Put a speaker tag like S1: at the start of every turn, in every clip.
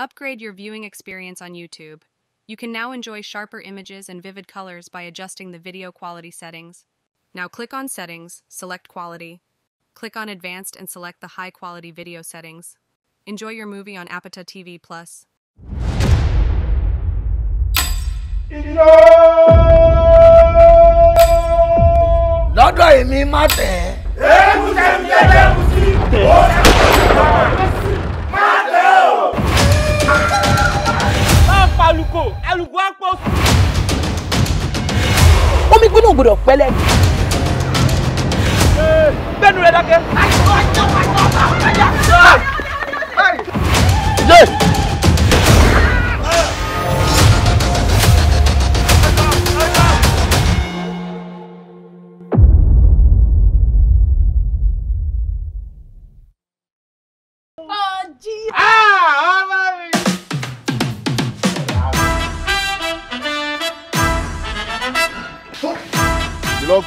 S1: Upgrade your viewing experience on YouTube. You can now enjoy sharper images and vivid colors by adjusting the video quality settings. Now click on Settings, select Quality. Click on Advanced and select the High Quality Video settings. Enjoy your movie on Apata TV Plus.
S2: lọ́dọ̀ èmi má tẹ̀. kù sí. Alugo, alugo àpò.
S3: omi gbóná ò gbọdọ̀ pẹ́ lẹ́nu.
S4: bẹ́ẹ̀ni rẹ̀ dákẹ́. àìsàn ọjọ́ àìsàn ọba ọjà.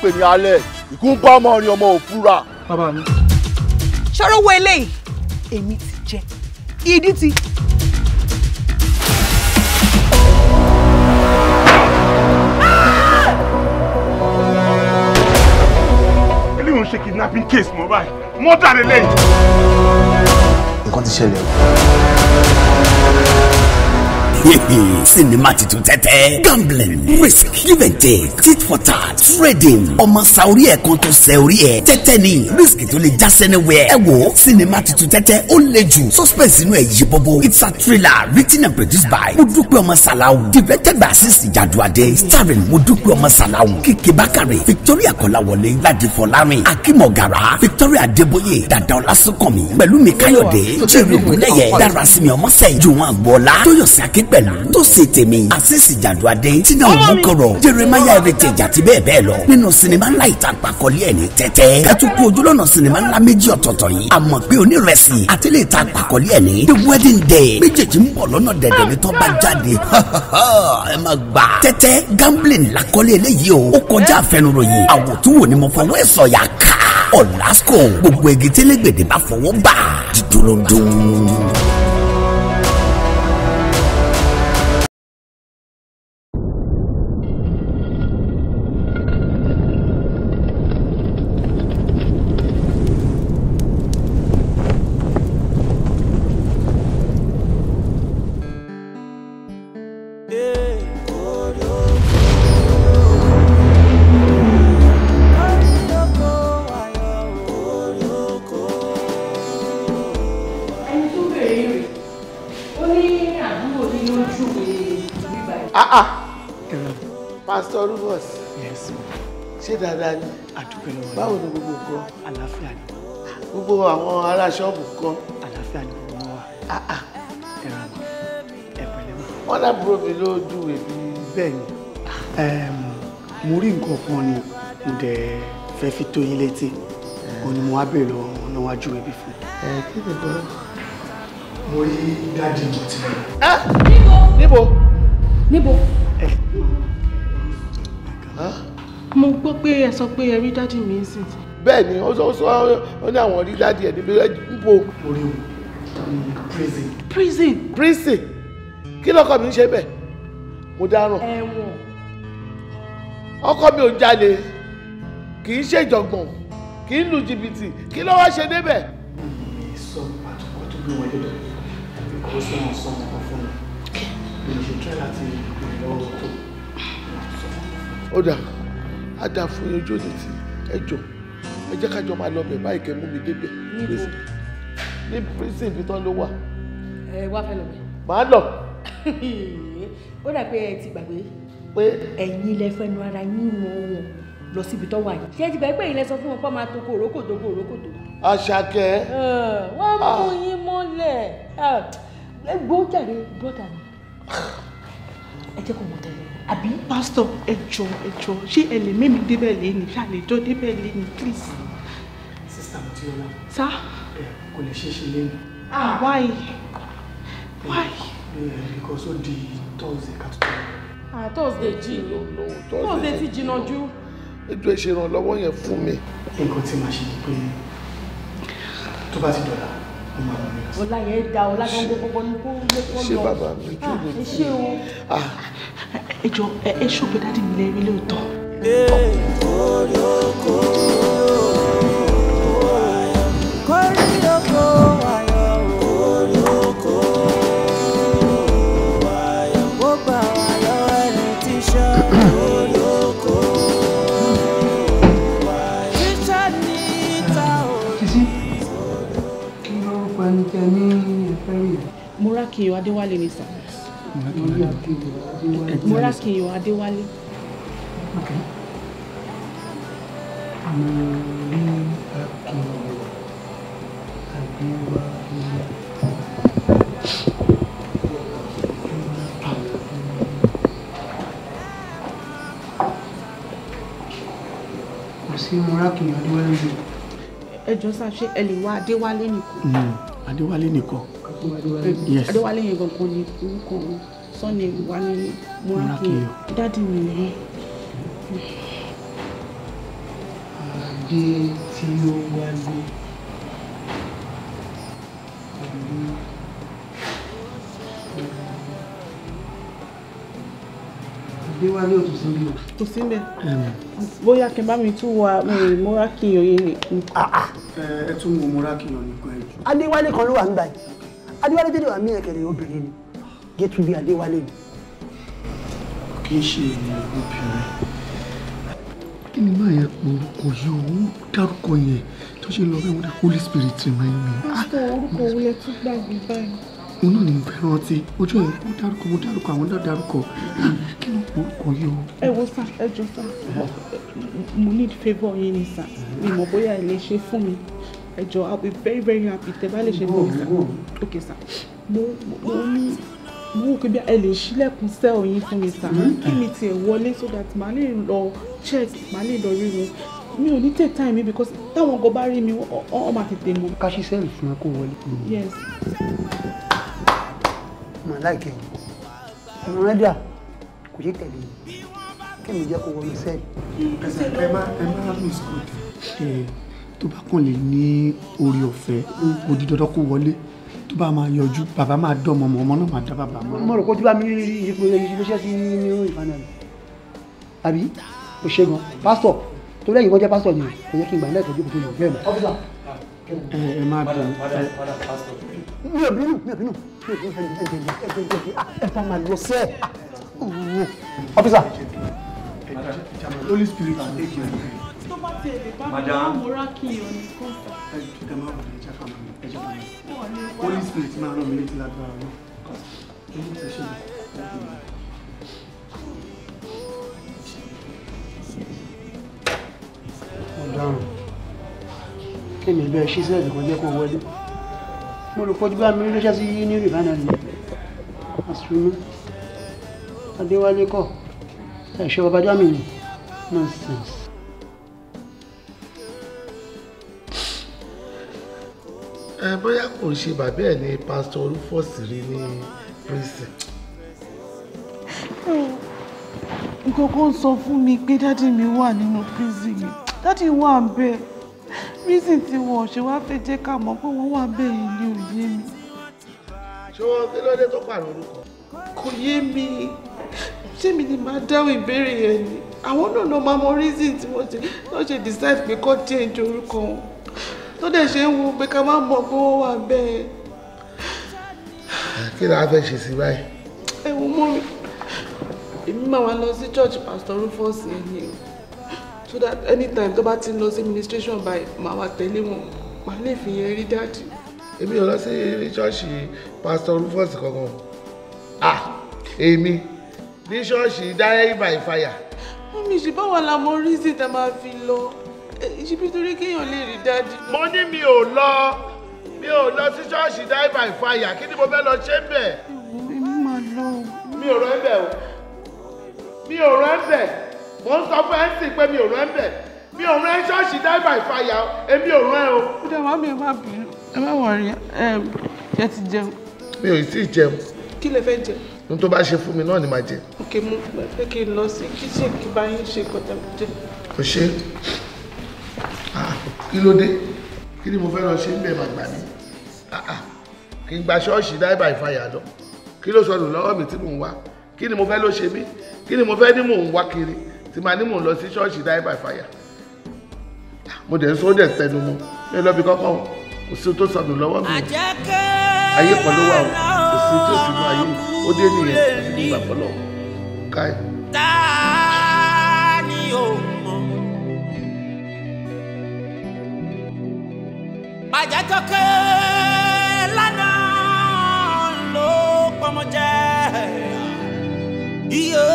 S3: pè ní alẹ́ ìkún bá ọmọ rin ọmọ òfúra. bàbá mi.
S5: ṣọ́rọ́ wo eléyìí èmi ti jẹ ìdí ti.
S6: eléyìí ń ṣe kidnapping case mo báyìí mọ́tà lélẹ́yìn.
S4: nǹkan ti ṣẹlẹ̀ o sinima titun tẹ́tẹ́ gambling risk give and take tit for tat trading ọmọ sa orí ẹ̀ kan tó sẹ orí ẹ̀ tẹ́tẹ́ ni risk tó lè já sẹ́niwẹ̀ ẹ wo sinima titun tẹ́tẹ́ ó le jù suspense inú ẹ̀ yí bọ́bọ́ it's a thriller written and produced by mudukwe ọmọ salawu directed by asisi jaduade starring mudukwe ọmọ salawu kiki bakare victoria kọláwọlé ladifọlárin Akimogara, victoria Deboye, dada ọlásùnkànmí pẹ̀lú mi káyọ̀dé jerry ogunlẹyẹ darasimi ọmọsẹ ìjùwọn àgbọọlá tóyọsí akẹkọọ pẹ̀lú tó sì tèmi àṣìṣì jàdù adé tina òmùkọ̀rọ̀ jeremaya heritage àti bẹ́ẹ̀ bẹ́ẹ̀ lọ nínú sinimá ńlá ìtàpàkọ́lé ẹ̀ ní tẹ́tẹ́ kẹ́tùkú ojúlọ́nà sinimá ńlá méjì ọ̀tọ̀ọ̀tọ̀ yìí àmọ́ pé onírẹsì àti ilé ìtàpàkọ́lé ẹ̀ ní the wedding day méjèèjì ń bọ̀ lọ́nà dẹ̀dẹ̀ ní tọ́ba jáde ẹ má gbà. tẹ́tẹ́ gambling lakọ́lé eléyìí o ó kọjá àfẹnuròyìn àwòtúwò ni mo fọwọ́ ẹ̀ sọ̀yà ká ọ̀làsùkò gbogbo egi télégbèdè bá fọwọ́ bà dídúródún.
S3: àwọn ará ṣọ́ọ̀bù kọ́. àlàáfíà ni mo wà. Ah, ah. ẹ ràn mọ́ ẹ pẹ̀lẹ́ mọ́. wọ́n lábúrò mi ló júwèé bí.
S1: bẹ́ẹ̀ ni mo rí nǹkan kan ni mo dẹ̀ fẹ́ fi tó yín létí òun ni mo wá bèèrè lọ ọ̀nà wájú ẹbí fún. ẹ kí ni bọ́ mo rí dáàdì mo ti rẹ.
S3: níbo níbo mo gbọ́ pé ẹ sọ pé ẹ rí dáàdì mi ń sìn bẹ́ẹ̀ ni ó sọ sọ ó ní àwọn rí dáàdi ẹ̀ níbi ẹ̀ níbo. orí o prison. prison. prison kí lọkọ mi ń ṣe bẹ́ẹ̀ mo dáràn. ẹ̀wọ̀n. ọkọ mi ò jalè kì í ṣèjọ̀gbọ̀n kì í lu jìbìtì kí ló wá ṣe débẹ̀.
S1: sọ àtúkọ tó gbé wọn débẹ̀ kó sọ wọn sọ wọn fún mi mi ò ṣe tẹ́ láti ìrànlọ́wọ́ tó.
S3: ó dà á dà fún ojú òdì ẹ jọ ẹ jẹ́ kájọ máa lọ bẹ̀ báyìí kẹ́ mú mi débẹ̀ ní prison ibi tán ló wà.
S5: ẹ wá fẹ́ lọ bẹ̀. màá lọ. ó dà pé ẹ ti gbàgbé. pé ẹ̀yin lẹ fẹnu ara yín mọ wọn lọ síbi tó wà yìí. ṣé ẹ ti gbàgbé ẹ̀yin lẹ sọ fún wọn pé máa toko òrókòtò kó òrókòtò.
S3: àṣàkẹ́.
S5: Eh, wọ́n mú ah. yín mọ́lẹ̀ eh, ẹ gbọ́ jàre brọ́dà mi ẹ jẹ́ kó mọ̀ tẹ́lẹ̀ àbí. pásítọ̀ ẹ jọ ẹ jọ ṣé ẹ lè mímí débẹ̀ lẹ́ni ṣá lè jọ débẹ̀ lẹ́ni please.
S1: sista mutiola. sá. ẹ kò lè ṣe é ṣe lẹ́nu. ah why why. because ó di thursday ká tó tó.
S5: ah thursday jí
S3: thursday ti jìnnà jù. ètò ìṣèrànlọ́wọ́ yẹn fún mi. nǹkan tí
S1: màá ṣe ni pé tó bá ti dọ̀la
S5: ọlá yẹn da ọlá gbogbo gbogbo ní kó lè kọ́ lọ. ṣé bàbá mi ah, jù mí. ah ẹ ṣé o. ah ẹ jọ ẹ
S3: ṣọ́ọ̀bù dáàdì mi lè rí lóòótọ́. orí
S5: kí ló ń ní tẹ
S1: Morakiyo Adéwálé. Okay. Morakiyo Adéwálé. sí Morakiyo Adéwálé.
S5: Ẹ jọ sá ṣé ẹ lè wá Adéwálé nìkan.
S1: Hmm, Adéwálé nìkan
S5: yes. adéwálé yẹn gangan ni orúkọ sọ́ni wà ní mọ́rákìyàn dáàdì mi nìyẹn.
S3: adé tí ó wálé pẹ̀lú adéwálé ò tún sí mi o. kò sí mi bóyá kí n bá mi tún wá mọ́rákìyàn yẹn nìkan.
S1: Ah, ah. ẹ ẹ tún wo mọ́rákìyàn nìkan ẹ jù.
S4: adéwálé kan ló wà nígbà yìí adéwálé tẹ́lẹ̀
S1: wà mí ẹ̀kẹ́rẹ́ obìnrin ni Gétúbí adéwálé ni. kì í ṣe ènìyàn obìnrin kí ni máa yẹ orúkọ yìí ó dárúkọ yẹn tó ṣe lọ bẹ́ẹ̀ wọ́n dá Holy Spirit remind me. pásítọ̀ orúkọ wo yẹ tún gbàgbé báyìí. mo náà ní mo fẹ́ rántí ojú ẹ̀ mo dárúkọ mo dárúkọ àwọn náà dárúkọ kí ni orúkọ yìí ó.
S3: ẹ wo sá ẹ jọ sá mo need favour yín ni sá mi mọ̀ bóyá ẹ lè ṣe fún mi ẹ jọ̀ọ́ i'll be very very happy tẹ́ bá lè ṣe fún mi sir okay sir
S5: mo mo ní mo wò pé bí ẹ lè ṣílẹ̀kùn sẹ́ẹ̀ òyìn fún mi sir hmm? kí mi tiẹ̀ wọlé so that màá lè lọ check màá lè lọ rí wọn mi ò ní take time mi because
S3: táwọn
S1: ọgọ bá rí mi ọ máa tètè mọ. ká ṣí sẹ́ẹ̀lì fún ẹ kó wọlé. yes. màá láìkẹ́ ọmọ rẹ́díà kò ṣe tẹ̀lé kí mi jẹ́ kó wọlé sẹ́ẹ̀lì. ẹ má ẹ má miss good tó bá kàn lè ní orí ọ̀fẹ́ kò di dandan kó wọlé tó bá máa yọjú bàbá máa dọ́mọ ọmọ ọmọ náà máa dá bàbá mọ́. mo rò kó tí bá mi rí ìyípo ìṣiṣẹ́ sí ní ìfànà rẹ̀ àbí o ṣe gan pásítọ̀ tó lẹ́yìn bọ́jẹ́ pásítọ̀ ni kò yẹ kí n gbà lẹ́ẹ̀kọ́ jókòó tó yàn bẹ́ẹ̀ mọ́. ọ́fíìsà ẹ má bẹ̀rù mi ò bínú mi ò bínú ẹ fà máa lọ sẹ́ẹ̀. ọ́fíìsà. holy
S5: spirit take your madam holy spirit máa
S1: ṣí sílẹ̀ kò jẹ́ kó wọlé mo rò pọ́jú bá mi lóṣẹ́ sí yí ní rìbánà ni adéwálé kọ́ ẹ̀ṣọ́ babájámi ni nonsense.
S3: ẹ bóyá kò ṣe bàbá ẹ ní pásítọ̀ Rufus rí ní prison. nǹkan kan sọ fún mi pé dádì mi wà nínú prison yìí dádì wà ń bẹ prison tí wọn ò ṣe wá fẹ́ jẹ́ ká mọ̀ pé wọ́n wà ń bẹ yìí ní òye mi. ṣé wọn kí ló tó pààrọ̀ orúkọ. kò yé mi ṣé mi ni màá dáhùn ìbéèrè yẹn ni àwọn náà ló máa mọ reason tí wọ́n ṣe decide pé kó change orúkọ wọn tó dẹ̀ ṣe ń wo pé ká má mọ̀ pé wọ́n wà bẹ́ẹ̀. kí la fẹ́ ṣe sí báyìí. ẹ wo mọ́ mi èmi máa wá lọ sí church pastor Rufus ẹni o so that anytime tó bá ti ń lọ sí administration báyìí màá wá tẹ̀lé wọn màá lè fi yẹn rí dáàdì. èmi ò lọ sí ṣọ́ọ̀ṣì pastor Rufus kankan ah èmi ní ṣọ́ọ̀ṣì die by fire. mọ́mí ṣì báwa la mọ reason tá a máa fi lọ ṣe bí torí kéèyàn lè rí dájú. mo ní mi ò lọ mi ò lọ sí ṣọ́ọ̀ṣì die by fire kí ni mo fẹ́ lọ ṣe ń bẹ̀.
S7: mi máa lọ.
S3: mi ò rọ ẹ bẹ̀ o mi ò rọ ẹ bẹ̀ mo ń sọ fún ẹ sì pé mi ò rọ ẹ bẹ̀ mi ò rọ ẹ ṣọ́ọ̀ṣì die by fire èmi ò rọ ẹ o. ó dẹ̀ wá mi ẹ má bínú ẹ má wọrí ẹ jẹ ti jẹun. mi ò tí ì jẹun. kí lẹ fẹ́ jẹ n tó bá ṣe fún mi náà ni màá jẹ. òkè mo fẹ́ kí n lọ sí kíchìn kí bá yín ṣe kọ́tà kò ṣe é kí ló dé kí ni mo fẹ́ lọ ṣe ń bẹ̀ máa gbà mí kí n gba ṣọ́ọ̀ṣì die by fire lọ kí ló sọnù lọ́wọ́ mi tí mò ń wá kí ni mo fẹ́ ló ṣe mí kí ni mo fẹ́ ní mò ń wá kiri tí màá ní mò ń lọ sí ṣọ́ọ̀ṣì die by fire ah, mo dẹ̀ ń sọ ó dẹ̀ tẹnu mu mi lọ bí kọ́kọ́ kò sí tó sọnù lọ́wọ́ mi ayé kan ló wà kò sí tó sínú ayé o dé nìyẹn ìgbà pọ̀ lọ
S5: Àjàtọ̀kẹ́ lánàá ló pọmọ jẹ́ iye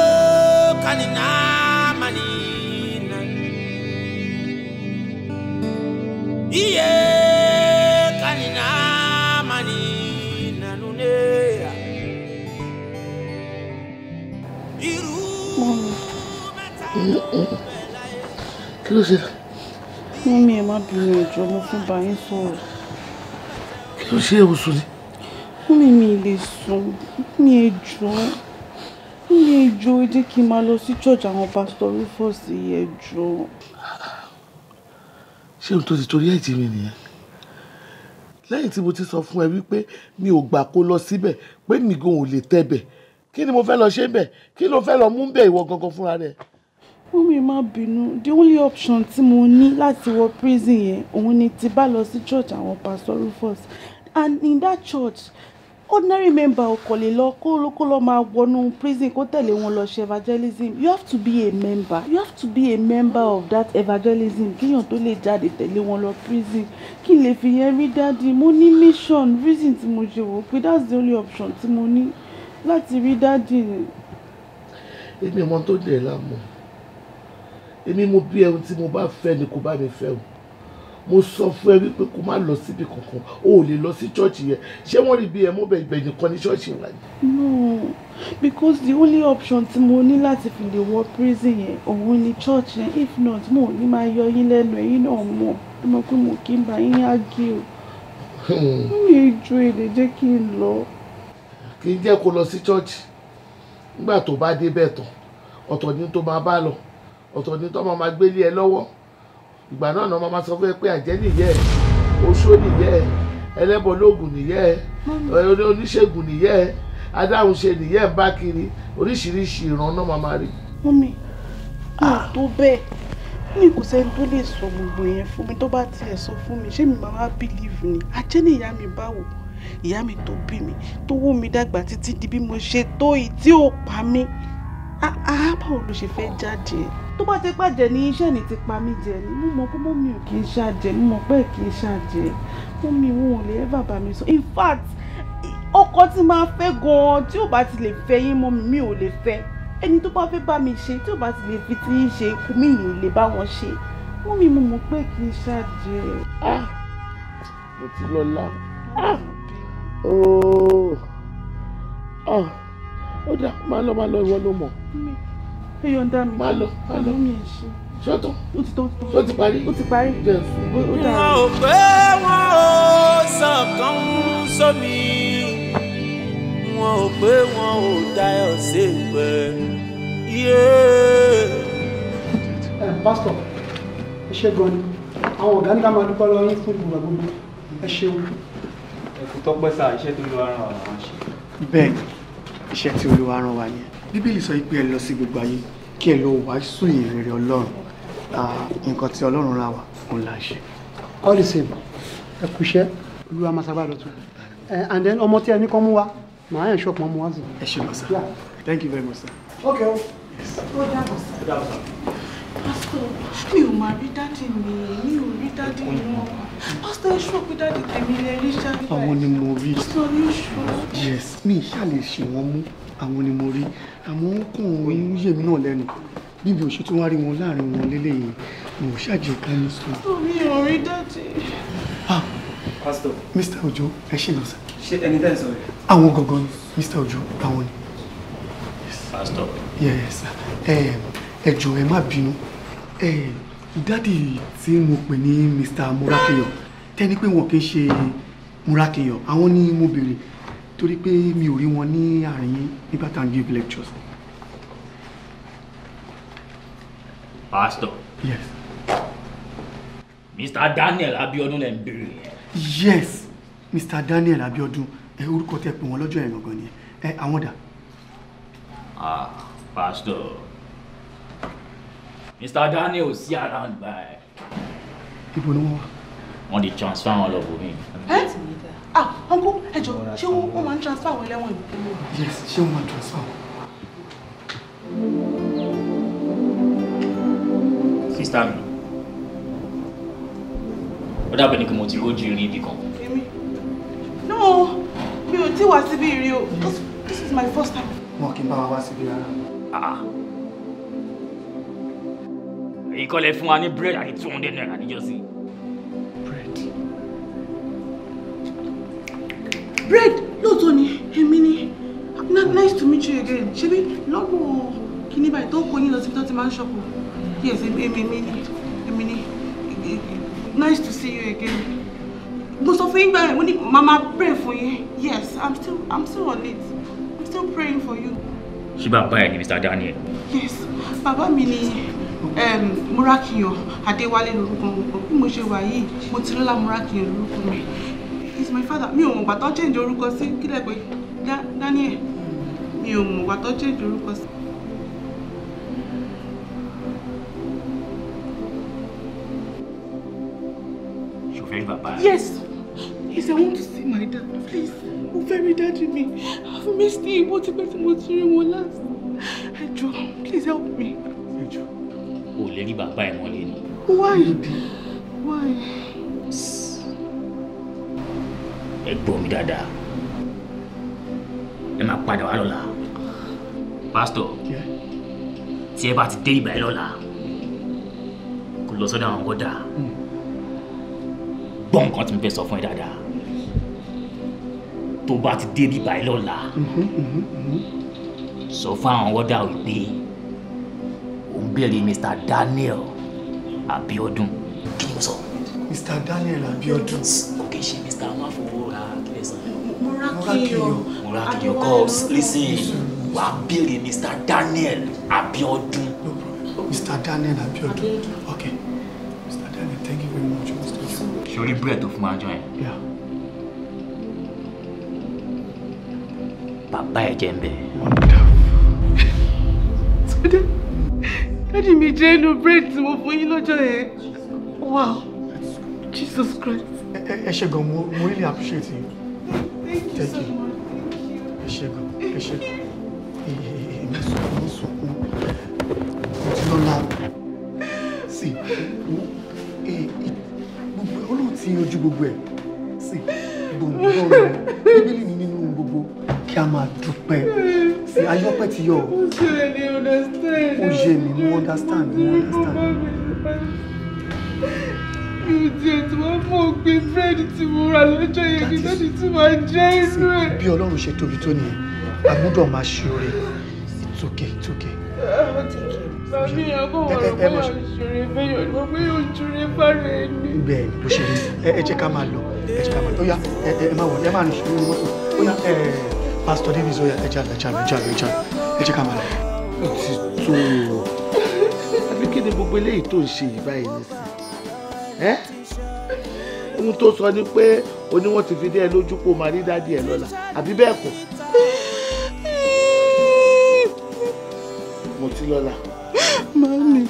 S5: kanina
S8: manina
S2: iye kanina manina nune irú
S3: mẹ́ta ló bẹ láyé. kí ló ṣe lọ. Mọ́mí ẹ má bínú ẹjọ́ mo fún bá yín sọ̀rọ̀. Kí ló ṣe oṣù ni? Mọ́mí mi lè sùn ní ẹjọ́. Ní ẹjọ́ jẹ́ kí n máa lọ sí church àwọn pastor Rufus ẹjọ́. Ṣé o tó ti torí ẹ̀jẹ̀ mi nìyẹn? Lẹ́yìn tí mo ti sọ fún ẹ wípé mi ò gbà kó lọ síbẹ̀ pé mi gan ò lè tẹ̀bẹ̀ kí ni mo fẹ́ lọ ṣe bẹ̀ kí ló fẹ́ lọ mú bẹ̀ ìwọ gangan fúnra rẹ̀? mummy má bínú the only option tí mo ní láti wọ prison yẹn
S5: òun ni ti bá lọ sí church àwọn pastor Rufus and in that church ordinary member ò kò lè lọ kó ló kó lọ máa wọnú prison kó tẹ̀lé wọn lọ ṣe evangelism you have to be a member you have to be a member of that evangelism kíyàn tó lè jáde tẹ̀lé wọn lọ prison kí n lè fi yẹn rí dáàdi mo ní mission reason tí mo ṣe wò pé that's the
S3: only option tí mo ní láti rí dáàdi ni. èmi ọmọ tó dẹ̀ láàmú èmi mo bí ẹun tí mo bá fẹ́ ni kò bá mi fẹ́ o mo sọ fún ẹ wípé kó má lọ síbi kankan o ò lè lọ sí chọ́ọ̀chì yẹn ṣé wọ́n rí bí ẹ mọ́ bẹ̀ ibẹ̀ nìkan ní chọ́ọ̀chì wa ni. no because the only option tí mo ní láti fi lè wọ prison yẹn òun ni church yẹn if not mo ò ní máa yọ yín lẹ́nu ẹ̀yin náà mọ̀ ẹ mọ̀ pé mo kì í bá yín ágé o mi hmm. ì ju èdè jẹ́ kí n lọ. kì í jẹ́ kó lọ sí chọ́ọ̀chì nígbà tó bá dé bẹ́ẹ̀ tán ọ̀tọ̀ ni tó máa bá lọ ọ̀tọ̀ ni tọ́mọ máa gbélé ẹ lọ́wọ́ ìgbà náà náà máa sọ fún ẹ pé àjẹ́ nìyẹ́ ẹ oṣó nìyẹ́ ẹ ẹlẹ́bọ lóògùn nìyẹ́ ẹ oníṣègùn nìyẹ́ ẹ adáhunṣe nìyẹ́ ẹ bá kiri oríṣiríṣi ìran náà máa máa rí.
S5: mọ́mí mi ò ah. tó bẹ́ẹ̀ mi kò sẹ́ni tó lè sọ gbogbo yẹn fún mi tó bá
S3: tiẹ̀ sọ fún mi ṣé mi máa wá bílíìfù ni àjẹ́ ni ìyá mi báwo ìyá mi tó bí mi tó wó mi dàgbà títí di bí mo ṣe tó yìí tí ò pa mí àá ah, ah, ló ṣe
S5: fẹ́ jáde tó bá ti pàjẹ́
S3: ní iṣẹ́ ni ti pa mí jẹ ni mo mọ̀ pé mọ́mí ò kì í ṣàjẹ́ mo
S5: mọ̀ pé kì í ṣàjẹ́ mọ́mí wọn ò lè ever bá mi sọ in fact ọkọ tí máa fẹ́ gan-an tí ò bá ti lè fẹ́ yín mọ́mí mi ò lè fẹ́ ẹni tó bá fẹ́ bá mi ṣe tí ò bá ti lè fi ti ṣe ikú mi yìí lè bá wọn ṣe mọ́mí mo mọ̀ pé kì í ṣàjẹ́. Ah,
S3: mo ti lọ́la ah, ah, ó dà máa lọ máa lọ ìwọ ló mọ̀ ẹ yọ̀ǹda mi má lọ má lọ mi ẹ̀ ṣe ṣọ́tọ̀ ó ti tọ́ ó ti parí ó ti parí ó dà mí. wọn ò pé wọn ò sàn kan ń sómi
S2: wọn ò pé wọn ò dayọ̀ sí ìpẹ́ yé. ẹ pásítọ̀ ẹ ṣe gan ni àwọn ọ̀gá ń dá máa
S1: dúpẹ́ lọ́wọ́ yín fún ìgbòrò gbogbo ẹ ṣeun. ẹ kò tọ́pẹ́ sáà iṣẹ́ tó lọ́ọ́ ràn wá ṣe. bẹ́ẹ̀ ni iṣẹ́ tí Olúwa rán wa yẹn bíbélì sọ pé ẹ lọ sí gbogbo ayé kí ẹ lọ wàásù ìrere ọlọ́run nǹkan tí ọlọ́run rà wá fún la ṣe. all the same ẹ kú iṣẹ́ olúwa máa sábà and then ọmọ tí ẹ ní kọ́ mú wa màá yàn ṣọ́ọ̀pù mọ́ wa sí. ẹ ṣe lọ sir thank you very much sir. ok o. ó dàbọ̀ sá.
S3: ó mi ò máa rí dáàdì mi mi ò rí dáàdì mi wọn
S1: pásítọ̀ ẹ ṣọ́ọ̀pù dáàdì tèmi lè rí ṣáà. àwọn ni mo rí. pásítọ̀ ní ìṣòro. yes mi ìṣàlè ṣe wọn mú àwọn ni mo rí àmọ́ ó kàn ń yè mí náà lẹ́nu níbi òṣù tí wọ́n rí wọn láàrin wọn lélẹ́yìn mo ṣàjẹ́ ká ní
S3: omi ò dọ́tí. Ah, pastor.
S1: mr ojo ẹ ṣì lọ sí.
S3: ṣé ẹni tẹ́ ẹ sọ rẹ̀.
S1: àwọn gangan ni mr ojo àwọn ni.
S9: pastor. yes
S1: ẹ jọ̀ọ́ ẹ má bínú dádì tí mo pè ní mr murakiyo tẹ́ni pé wọn kì í ṣe murakiyo àwọn ni mo béèrè torí pé mi ò rí wọn ní àárín nígbà tá à ń give lectures.
S8: pastor. yes. mr daniel abiodun lè ń béèrè
S1: yes mr daniel abiodun ẹ orúkọ tẹ pé wọn lọ́jọ́ yẹn gangan ni ẹ àwọn dà.
S8: ah pastor
S5: mr daniel sí around by.
S1: ibo ni wọn wà. wọn di transfer wọn lọ bòmí.
S5: ẹ ti mi ta ah uncle ẹ jọ ṣé wọ́n máa ń transfer àwọn ẹlẹ́wọ̀n ìlú.
S1: yes ṣé wọ́n máa transfer wọn. sísá mi ó dàbẹ̀ ni kí mo ti rójú irin ibì kan.
S3: èmi no mi ò tí wá síbí
S2: rí o this is my first time.
S1: wọn kì í bá wa wá síbí rárá.
S2: Ah, èyí kọ́ lẹ fún wa ní búrẹ́dì àti two hundred naira níjọ́sí.
S5: bread lóòótọ́ ni èmi ni nice to meet you again ṣebí lọ́gbọ̀n kìíní báyìí tó ń kó yín lọ síbi tó ti máa ń ṣọ́pù yes èmi ni èmi ni nice to
S3: see you again mo sọ fún yín gbà wọ́n ní mama pray for you yes i'm still i'm
S5: still on it i'm still praying for you.
S8: ṣé bàbá ni Mr. Daniel.
S5: yes bàbá mi ni Murakiyo Adéwálé lórúkọ wọn bí mo ṣe wà yìí mo ti lọ́la Murakiyo lórúkọ mi he's my father mi ò mọ̀ gbàtọ́ change orúkọ sí kílẹ̀ pé
S3: Daniel mi ò mọ̀ gbàtọ́ change orúkọ sí.
S7: ṣòfẹ́ rí bàbá rẹ. yes
S3: please i want to see my dad please mo fẹ́ rí dájú mi i've missed him What if pẹ́ tí mo ti rí wọn last ẹ please help me. ẹ
S4: Oh, o lè rí bàbá
S3: why why
S4: ẹ gbọ́ mi dáadáa ẹ máa padà wá lọ́la pásítọ̀ tí ẹ bá ti dé ìgbà yẹn lọ́la kò lọ sọ́dọ̀ àwọn gọ́dà hmm. gbọ́ nǹkan tí mo fẹ́ sọ fún ẹ dáadáa tó bá ti dé ìgbà yẹn lọ́la
S1: mm-hmm, mm-hmm, mm-hmm.
S4: sọ fún àwọn gọ́dà wípé òun bẹ̀rẹ̀ Mr. Daniel Abiodun kí ni mo sọ. Mr. Daniel Abiodun. kò kì ṣe Mr. amáfowó Morakiyo. Morakiyo calls. Listen, wà á béèrè Mr. Daniel Abiodun. No
S1: problem. Mr. Daniel Abiodun. Okay. Mr. Daniel, thank you very much. Mr.
S2: John. bread of my joint. Yeah. Bàbá ẹ̀ jẹ́ ń bẹ̀.
S3: Túndé, dáàdi mi jẹ́ inú bread tí mo fún yín lọ́jọ́ Wow,
S1: Jesus Christ. Ẹ ṣe gan, really appreciate you thank you ẹ ṣe gan ẹ ṣe gan èmi sunkún mi sunkún mo ti lọ́la sí gbogbo olóhùn ti yanjú gbogbo ẹ̀ sí gbogbo ọ̀rọ̀ bíbélì ni nínú gbogbo kí a máa dúpẹ́ sí ayọ́pẹ́ ti yọ ó yé mi mo understand mo understand díẹ̀ tí wọ́n mú ògbé búrẹ́dì tí mo rà lọ́jọ́ yẹn kí dáàdì tí máa jẹ́ inú ẹ̀. bí ọlọ́run ṣe tóbi tó nìyẹn a máa ṣe oore it's okay it's okay.
S3: bàbá ah, yẹn bọ̀ wọ̀rọ̀ pé òṣèré fẹ́yọ̀ ni mo òṣèré
S1: fáre ni. bẹ́ẹ̀ ni bó ṣe rí ẹ jẹ́ ká máa lọ ẹ jẹ́ ká máa lọ ó yá ẹ máa wọ̀ ẹ máa nìṣó ní mọ́tò ó yá Pastor Davis ó yá ẹ jà lọ ẹ jà lọ ẹ jẹ́ ká máa lọ. ó ti tó o àbí kí ni gbogbo eléyìí tó ń ṣe yìí
S3: ohun tó sọ ni pé o ní ti fi dé ẹ lójú pé máa rí dádì ẹ lọ́la àbí bẹ́ẹ̀ kọ́. mo ti lọ́la. mami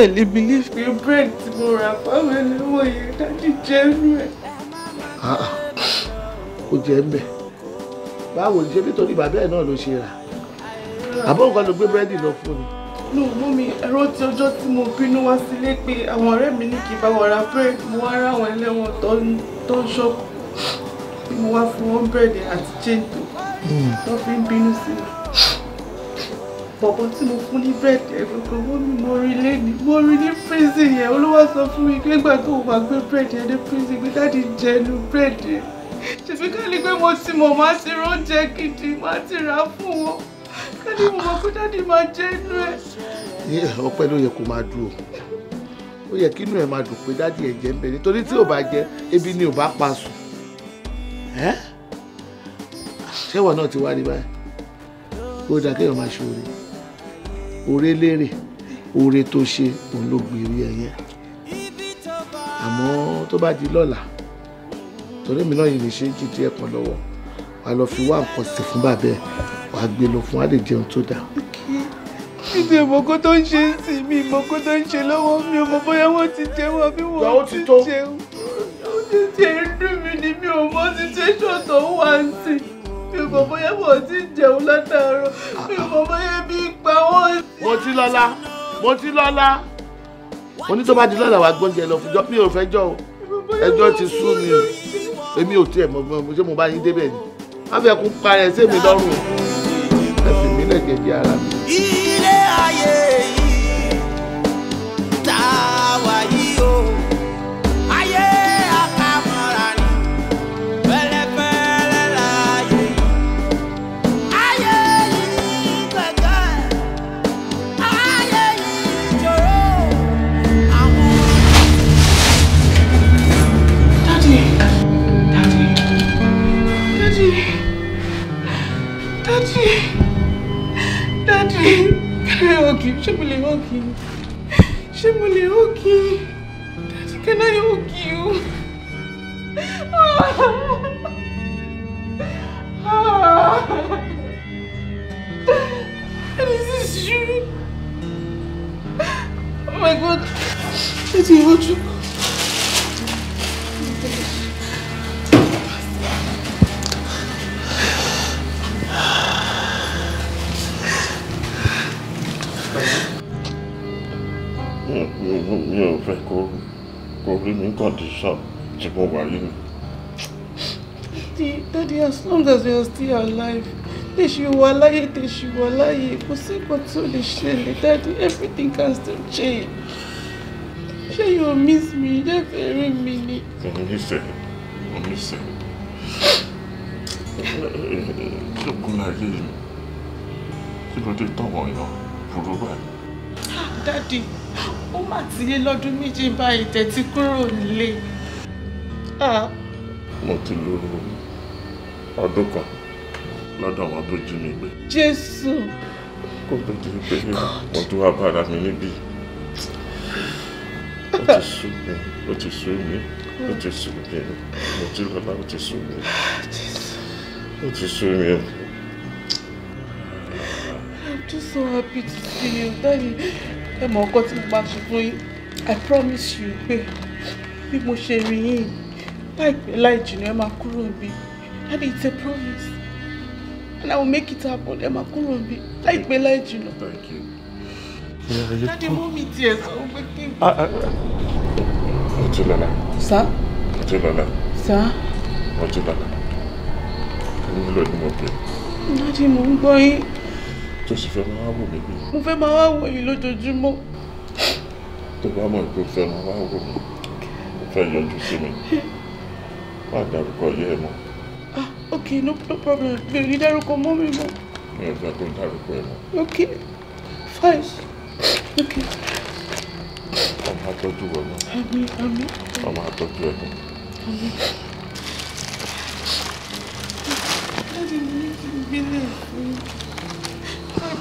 S3: ẹ lè believe pé bread tí mo rà fáwọn ẹlẹ́wọ̀n yẹn dádì jẹ́ nú ẹ̀. Ah, ah. ó jẹ́ ń bẹ̀ báwo ni ṣe nítorí bàbá ẹ̀ náà ló ṣe rà àbọ̀ nǹkan ló gbé búrẹ́dì lọ fún mi no mummy ẹ̀rọ ti ọjọ́ tí mo bínú wá sílé pé àwọn ọ̀rẹ́ mi ní kí n bá wọn ra bread mo wá rá àwọn ẹlẹ́wọ̀n tó ń ṣọ́kù pé mo wá fún wọn bread àti chain tó tó fi ń bínú sí mi bọ̀bọ̀ tí mo fún ní bread ẹ̀gbọ̀gbọ̀ wọ́n mi mo rí lẹ́ni mo rí ní prison yẹn olówó sọ fún mi nígbà tó wà gbé bread yẹn ní prison gbé dáàdi jẹnu bread yẹn ṣèfikà ni pé mo ti mọ̀ máa ti rọ́ọ̀jẹ́ gidi máa ti rà fún wọn dádì mo mọ̀ pé dádì máa jẹ́ inú ẹ̀. ọpẹ́ ló yẹ kó máa dùn o ó yẹ kí inú ẹ máa dùn pé dádì ẹ jẹ ń bẹ nítorí tí ò bá jẹ ebi ni ò bá pa sùn ṣẹ́wọ̀n náà ti wá rí báyìí ó dáa kéèyàn máa ṣe oore oore lérè oore tó ṣe òun ló gbèrè ẹ̀yẹ àmọ́ tó bá di lọ́la torí mi náà yìí lè ṣe jíjí ẹ̀kan lọ́wọ́ wàá lọ fi wá nǹkan sí fún bàbá ẹ̀ wàá gbé lọ fún wa lè jẹun tó dáa. ìdè ìmọ̀kó tó ń ṣe ń sìn mí ìmọ̀kó tó ń ṣe lọ́wọ́ mi ò mọ̀ bóyá wọ́n ti jẹun àbí wọ́n ti jẹun. ó ti ti ẹnu mi ni mi ò mọ̀ situation tó wà ń sìn mi ò mọ̀ bóyá wọ́n ti jẹun látàárọ̀ mi ò mọ̀ bóyá bí ipa wọ́n ti. mo ti lọ́la mo ti lọ́la mo ní tó bá di lọ́la wàá gbóúnjẹ lọ fúnjọ mi ò fẹ́ jọ o ẹjọ́ ti sú mi o èmi ò tiẹ̀ mọ̀ ṣé Let's que ya la ṣé mo lè hug you ṣé mo lè hug you daddy can I hug you. This is you. Oh my God, daddy, what you?
S9: mi ò fẹ́ kó kó rí mi condition tí mo wà yìí.
S3: Daddy, as long as you are still alive, Tèṣù wà láyé, Tèṣù wà láyé, kò sí nǹkan tó lè Daddy, everything can still change. Ṣé yóò miss me? Ṣé
S9: fẹ́ rí mi ni? Mo miss ẹ, mo miss ẹ. Ṣókun láyé mi, ṣé kò dé tọ̀wọ̀ yàn fúrú báyìí?
S3: Ah, Daddy ó mà ti lé lọ́dún méjì báyìí tẹ̀tí kúrò nílé.
S9: mo ti lo ọdún kan lọ́dọ̀ àwọn tó jí mi gbé. jésù. kó tó di pé mo tún wá bára mi níbí ó ti sú mi ó ti sú mi ó ti sú mi mo ti lọ́la ó ti sú mi ó ti sú mi o.
S3: I'm just so happy to see you, Daddy ẹ mọ ọkọ tí mo máa ṣe fún i promise you pé bí mo ṣe rí yín láìpẹ́ láì jìnnà ẹ máa kúrò níbí and it's a promise and i will make it happen ẹ máa kúrò níbí láìpẹ́ láì jìnnà. thank you. láti mú mi tiẹ̀ sọ pé
S9: kí n. ọtún lọ́la. sá. ọtún lọ́la. sá. ọtún lọ́la. kí ló ní mo pè.
S3: láti mò ń gbọ́ yín
S9: tó sì fẹ́ máa wò mí bí.
S3: mo fẹ́ máa wá wò yín lójoojúmọ́.
S9: tó bá mọ̀ pé o fẹ́ máa wá wò mí o fẹ́ yọjú sí mi má dárúkọ yé ẹ mọ́.
S3: ah ok no, no problem mi ò ní dárúkọ mọ́ mi mọ́.
S9: mi ò fẹ́ kó dárúkọ ẹ mọ́.
S3: ok fine ok.
S9: ọmọ àtọ́jú wọ̀ náà.
S3: àmín àmín.
S9: ọmọ àtọ́jú ẹ̀ náà. àmín.
S3: Thank you.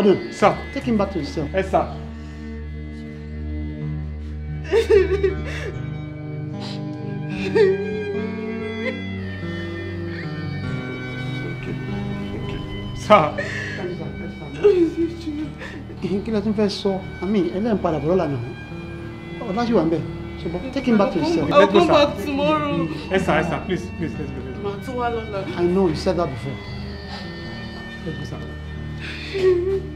S1: Warden. Sir. Take him back to his cell. Yes, sir. sir. kí ló tún fẹ́ sọ àmì ẹlẹ́yìn padà bọ̀ lọ́la náà ọ̀làṣìwà ń bẹ̀ ṣùgbọ́n take him back to his cell. I'll come back tomorrow. Yes, sir, yes, sir. Please, please, let's
S3: go. I know you
S1: said that before.
S5: Let's go, sir.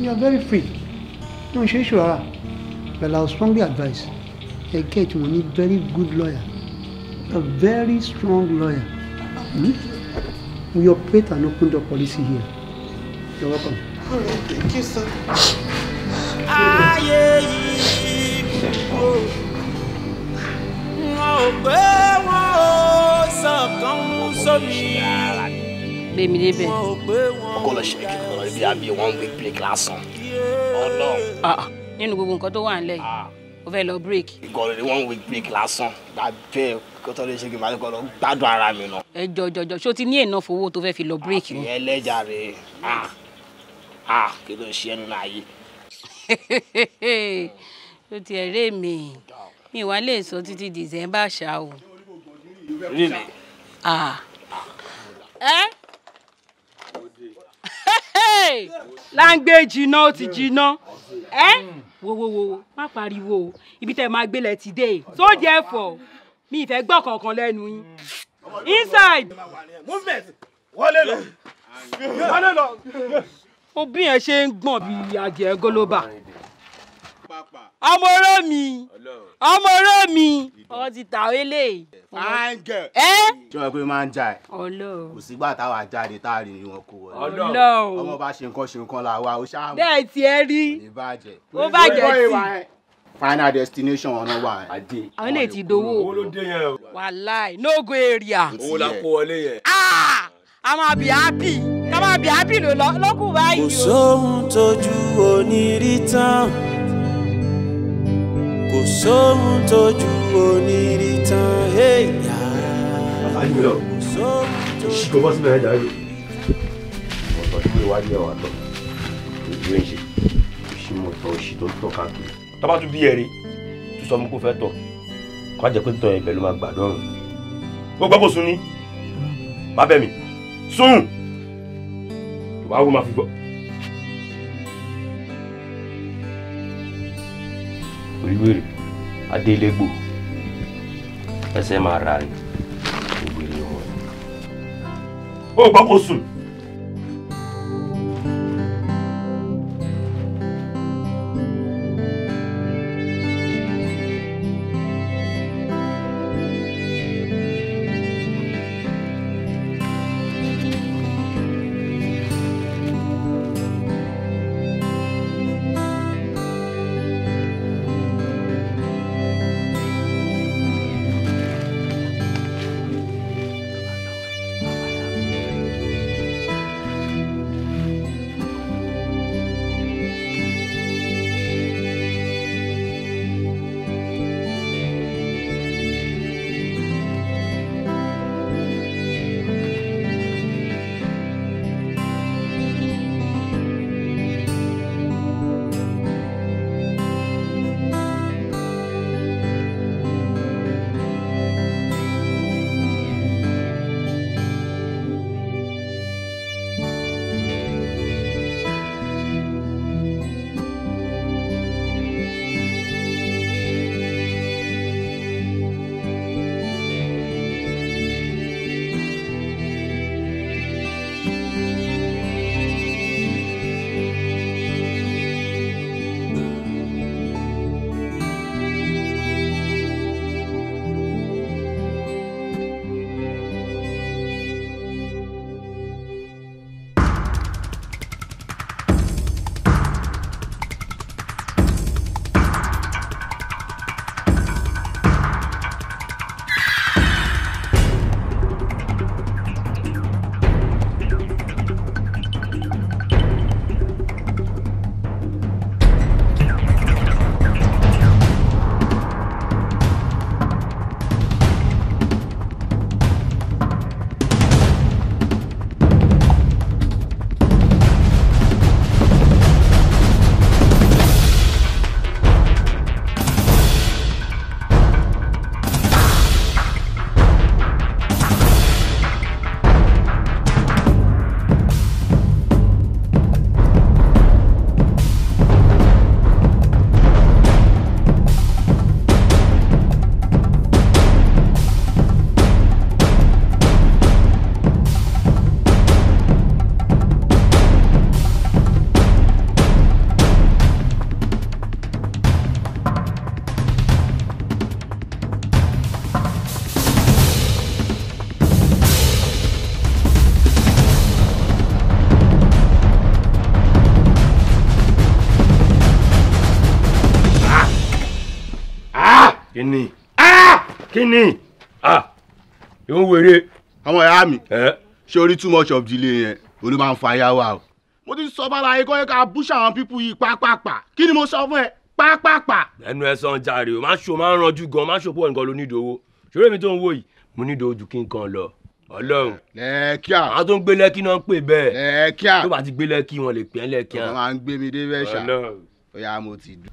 S1: you are very free no ṣe é ṣe rárá but I was strongly advised ẹ get wọn ní very good lawyer a very strong lawyer hmm? we operate an open door policy here you welcome.
S3: All right, thank you sir. ayé yìí kúrò wọn ò pé wọn ò sọkàn
S4: mú sómi gbèmí débẹ̀. ọkọ lọ ṣẹlẹ̀ kìlọ̀ lọ́rọ̀ ibi àbí
S2: one week break lásán ọlọ. Ah, ah. nínú gbogbo nǹkan tó wà nílẹ̀ yìí ó ah. fẹ́ lọ break. ìkọlù ni one week break lásán gbàgbé kó tó lè ṣe gbèmí àdìgbò lọ gbádùn ara mi nà.
S5: ẹ jọjọjọ ṣó ti ní enough owó tó fẹ́ fi lọ break ni. àfihàn ẹlẹ́jà rẹ̀
S4: kí ló ń ṣe ẹnu náà yìí.
S5: ó ti ẹ̀rẹ́ mi mi wá lè sọ títí December ṣá o. really. ah. Eh? láǹgbé jìnnà ó ti jìnnà ẹ wo wo wo má pariwo o ibi tẹ máa gbélé ti dé so therefore mi ìfẹ́ gbọ́ kankan lẹ́nu yín inside. movement wọlé lọ wọlé lọ. ó bí yẹn ṣe ń gbọ̀n bí adìẹ gólóbà ọmọọrọ mi ọmọọrọ mi ọ ti tà ó eléyìí. áńgẹ. ẹ. ṣé wọn pé
S3: máa ń jà ẹ. ọlọ. kò sígbà táwa jáde tá a rìn wọn kó wọlé. ọlọ. ọmọ bá ṣe nǹkan ṣe nǹkan la wa ó ṣáà mọ.
S2: bẹ́ẹ̀ tí ẹ rí. ó bàjẹ́ ó bàjẹ́ tí
S3: final destination
S2: ọ̀nà wa.
S5: àwọn lè ti dowó. owó ló dé yẹn o. wàláì nógo èrìà. owó la
S2: kó wọlé yẹn. Ah! a máa bí happy ká máa bí happy ló lọ́kùn báyìí o. kò sóhun tójú onírí
S8: sóhun tójú onírí tán èèyàn. àyùlọ ìṣìkò bọ́ sínú ẹ̀dá rẹ̀ ọ̀tọ̀ tí wọ́n wá ní ọ̀wà lọ ìlú ẹ̀ṣẹ̀ ìṣímọ̀tọ̀ òṣì tó tọ̀ káàkiri. tọ́ba tún bí ẹ̀rí tó sọ fún kó fẹ́ tọ̀ kó jẹ́ pé tọ̀ ẹ̀bẹ̀ ló máa gbàdọ̀rùn. gbogbo kò sun ni
S6: má bẹ̀ mí sùn ìwà wo máa fi gbọ́.
S2: Oríwèrè
S8: adélégbò ẹsẹ̀ máa ra ni ògbèrè wọn.
S6: ó gbọ́ kó sùn. kíni ah! kíni ah! ìwọ wèrè. ọmọ
S2: ìyá mi ṣé orí too much of delay yẹn olú máa ń fa ayá wa o.
S3: mo ti sọ bára ayé kọ́ yẹ ká búṣà àwọn pípù yìí pápápá kí ni mo sọ fún ẹ pápápá.
S2: ẹnu
S6: ẹ sàn jàre o máa ṣo máa ń ranjú gan máa ṣo pọ̀ nǹkan ló ní ìdòwò ṣòro èmi tó ń wò yìí mo ní ìdòwò ju kí n kan lọ
S2: Ọlọ́run. lẹẹkíà àwọn tó ń gbé lẹkí náà ń pè bẹ́ẹ̀ lẹẹkíà tó bá ti gbé lẹkí wọn lè pè é lẹkíà. wọn máa ń gbé mi dé bẹ́ẹ̀ ṣá Ọlọ́run. ó yá mo ti dùn.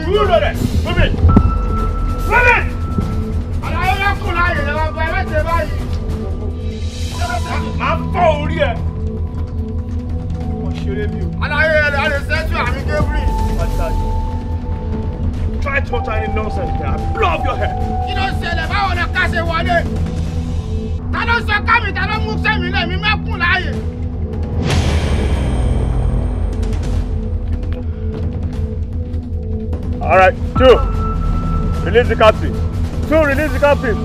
S6: All right, two. Release the captain. Two, release the captain.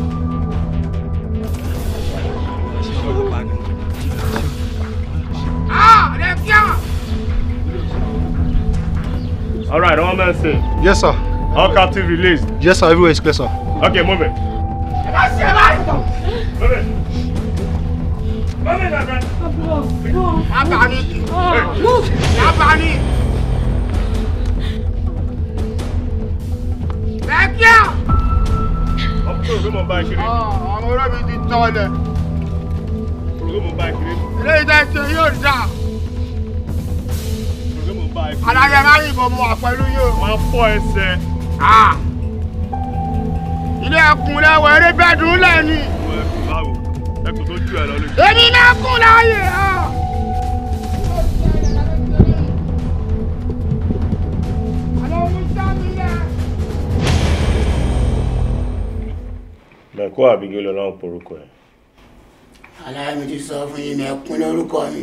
S2: Ah, they're here.
S6: All right, all men say. Yes, sir. All captive released. Yes, sir. Everywhere is clear, sir. Okay, move it.
S2: Move it. Move it, my friend. Move. Move. Move. Move. Move.
S6: rò pé mo bá ṣeré. Ah, àwọn ọ̀rẹ́ mi ti tọ́lẹ̀.
S2: rò pé mo bá ṣeré. ilé ìdá ṣe yóò dà. rò pé mo bá ṣeré. alága máa ń yìnbọn mu àpẹlú yóò. máa fọ ẹsẹ̀. Ah. ilé ẹkùn
S9: ẹ̀kọ́ àbígé lọ́lọ́run porúkọ ẹ̀.
S2: aláya mi ti sọ fún yín mẹ́kún lórúkọ mi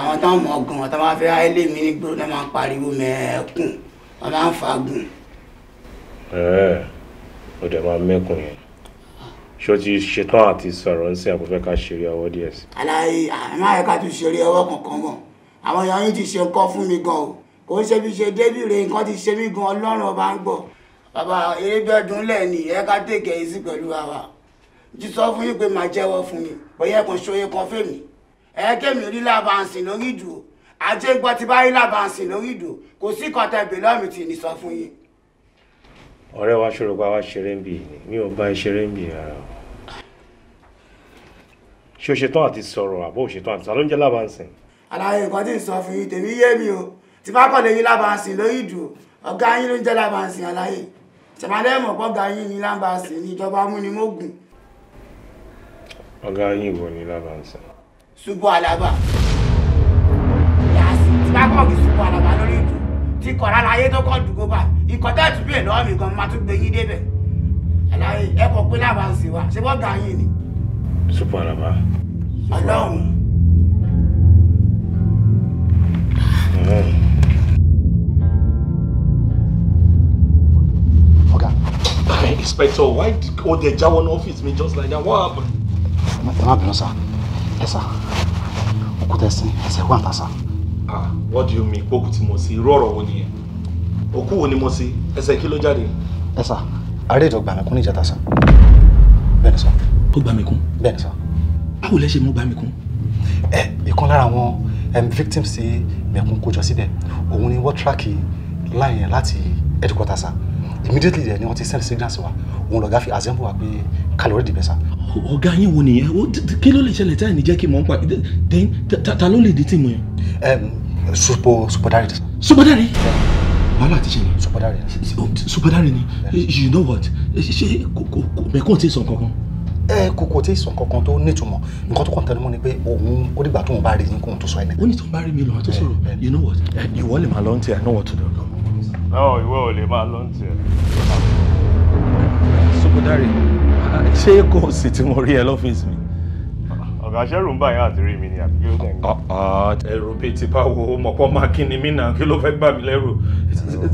S2: àwọn tó ń mọ̀ gan tó máa fẹ́ ayélé mi ní gbòòrò náà máa ń pariwo mẹ́ẹ̀kún wọ́n máa ń fagùn.
S9: ẹ̀ẹ́ ó dẹ̀ máa
S6: mẹ́kún yẹn ṣó ti ṣetán àti sọ̀rọ̀ ń sìn àpòfẹ́ ká ṣeré ọwọ́ díẹ̀ sí.
S2: aláyé àmọ́ àyẹ̀ká ti ṣeré ọwọ́ kankan mọ̀ àwọn èèyàn yín ti ṣe nǹkan fún mi gan o kò ń ṣe bí ṣe débìrè nǹkan ti ṣe mí gan ọlọ́run ọba ń gbọ́ bàbá erébíọ́dún lẹ́ẹ̀ni ẹ ká tèkẹ́ yìí sí pẹ̀lú bàbá jí sọ fún yín pé màá jẹ́wọ́ fún mi bóyá kan ṣoye kan fèmí ẹ kémi rí lábàánsì lórí ìdùn àti gbọ́ ti bá rí lábàánsì lórí ìdùn kò sí kọta ìbílẹ̀ mi tì ní sọ fún yín.
S6: ọ̀rẹ́ wa ṣòro pa wá ṣeré ń bì mí ò bá ṣeré ń bì rárá o ṣé o ṣetán àti sọ̀rọ̀ àbó òṣetán àti sàlóúnjẹ lábàánsìn.
S2: àlàyé nǹkan tí ń sọ fún yín tèmi yé mi o tí bá kọ̀ lè yín lábàánsìn lórí ìdùn ọ̀gá yín ló ń jẹ́ lábàánsìn àlàyé ṣàbálẹ̀ mọ̀ pọ́gà yín ní lámbàṣe ní ìjọba múnimógún.
S9: ọ̀gá yín wo ni lábàṣe.
S2: ṣubú alaba yàtì tí bá kọ́ọ̀kì ṣubú alaba lórí ìdù tí kọ̀ rárá ayé tó kọ́ dùgbò bá ikọ̀ tẹ́ tún bíi lọ́wọ́ mi gan máa tún gbé yín débẹ̀ aláyé ẹ kọ pé lábàṣe wa ṣé bọ́gà yín ni. ṣubú alaba. ọlọ́run.
S6: mm inspector why did all the Jawan office mi just like that what happened.
S2: ẹ má bínú sá ẹ sá òkúta ẹsìn ẹsẹ wà níta sá.
S6: ah what do you mean kókù tí mo sí irú ọ̀rọ̀ wo nìyẹn òkú wo ni mo sí ẹsẹ̀ kí ló jáde. ẹ sá àárẹ̀ ìdọ̀ gbàmíkún ní ìjẹta sá bẹ́ẹ̀ ni sá. ó gbàmíkún. bẹ́ẹ̀ ni sá. báwo lẹ ṣe mú Eh, ẹ ìkan lára àwọn victims tí mẹ̀kún kó jọ síbẹ̀ òun ni wọ́n tíráàkì line lati headquarters sá immediately rẹ ni wọn ti send signal sí wa òun lọ̀gá fi assemble wa pé kalori di bẹ sa. ọ̀gá yín wo nìyẹn o kí ló lè ṣẹlẹ̀ táyà ní jẹ́ kí mò ń pa then ta ló lè di tìmù yẹn. supo supodari. supodari. wàhálà ti ṣe ni. supodari. supodari ni you know what ṣe mẹ́kàn ti sọ kankan. ẹ kò kò tí ì sọ kankan tó nítumọ̀ nǹkan tó kàn tẹnu mọ́ ni pé òun ó dìgbà tóun bá rí yín kóun tó sọ ẹ̀ nẹ́ẹ̀. ó ní tóun bá rí mi lọ́wọ́ tó sọ̀rọ̀ you know what You lè him alone. ní I know what to do náà ìwé ò lè máa lọ tiẹ̀. sukudari ṣé kò sí tí mo rí ẹ lọ́fíìsì mi. ọ̀gá ṣẹ́rù ń bá yẹn àti rí mi ni àbí kí ló dẹ̀ ń ah, gbà. Ah, ẹ̀rù bíi ti báwo mọ̀pọ̀ máa kí ni mí náà kí ló fẹ́ gbà mí lẹ́rù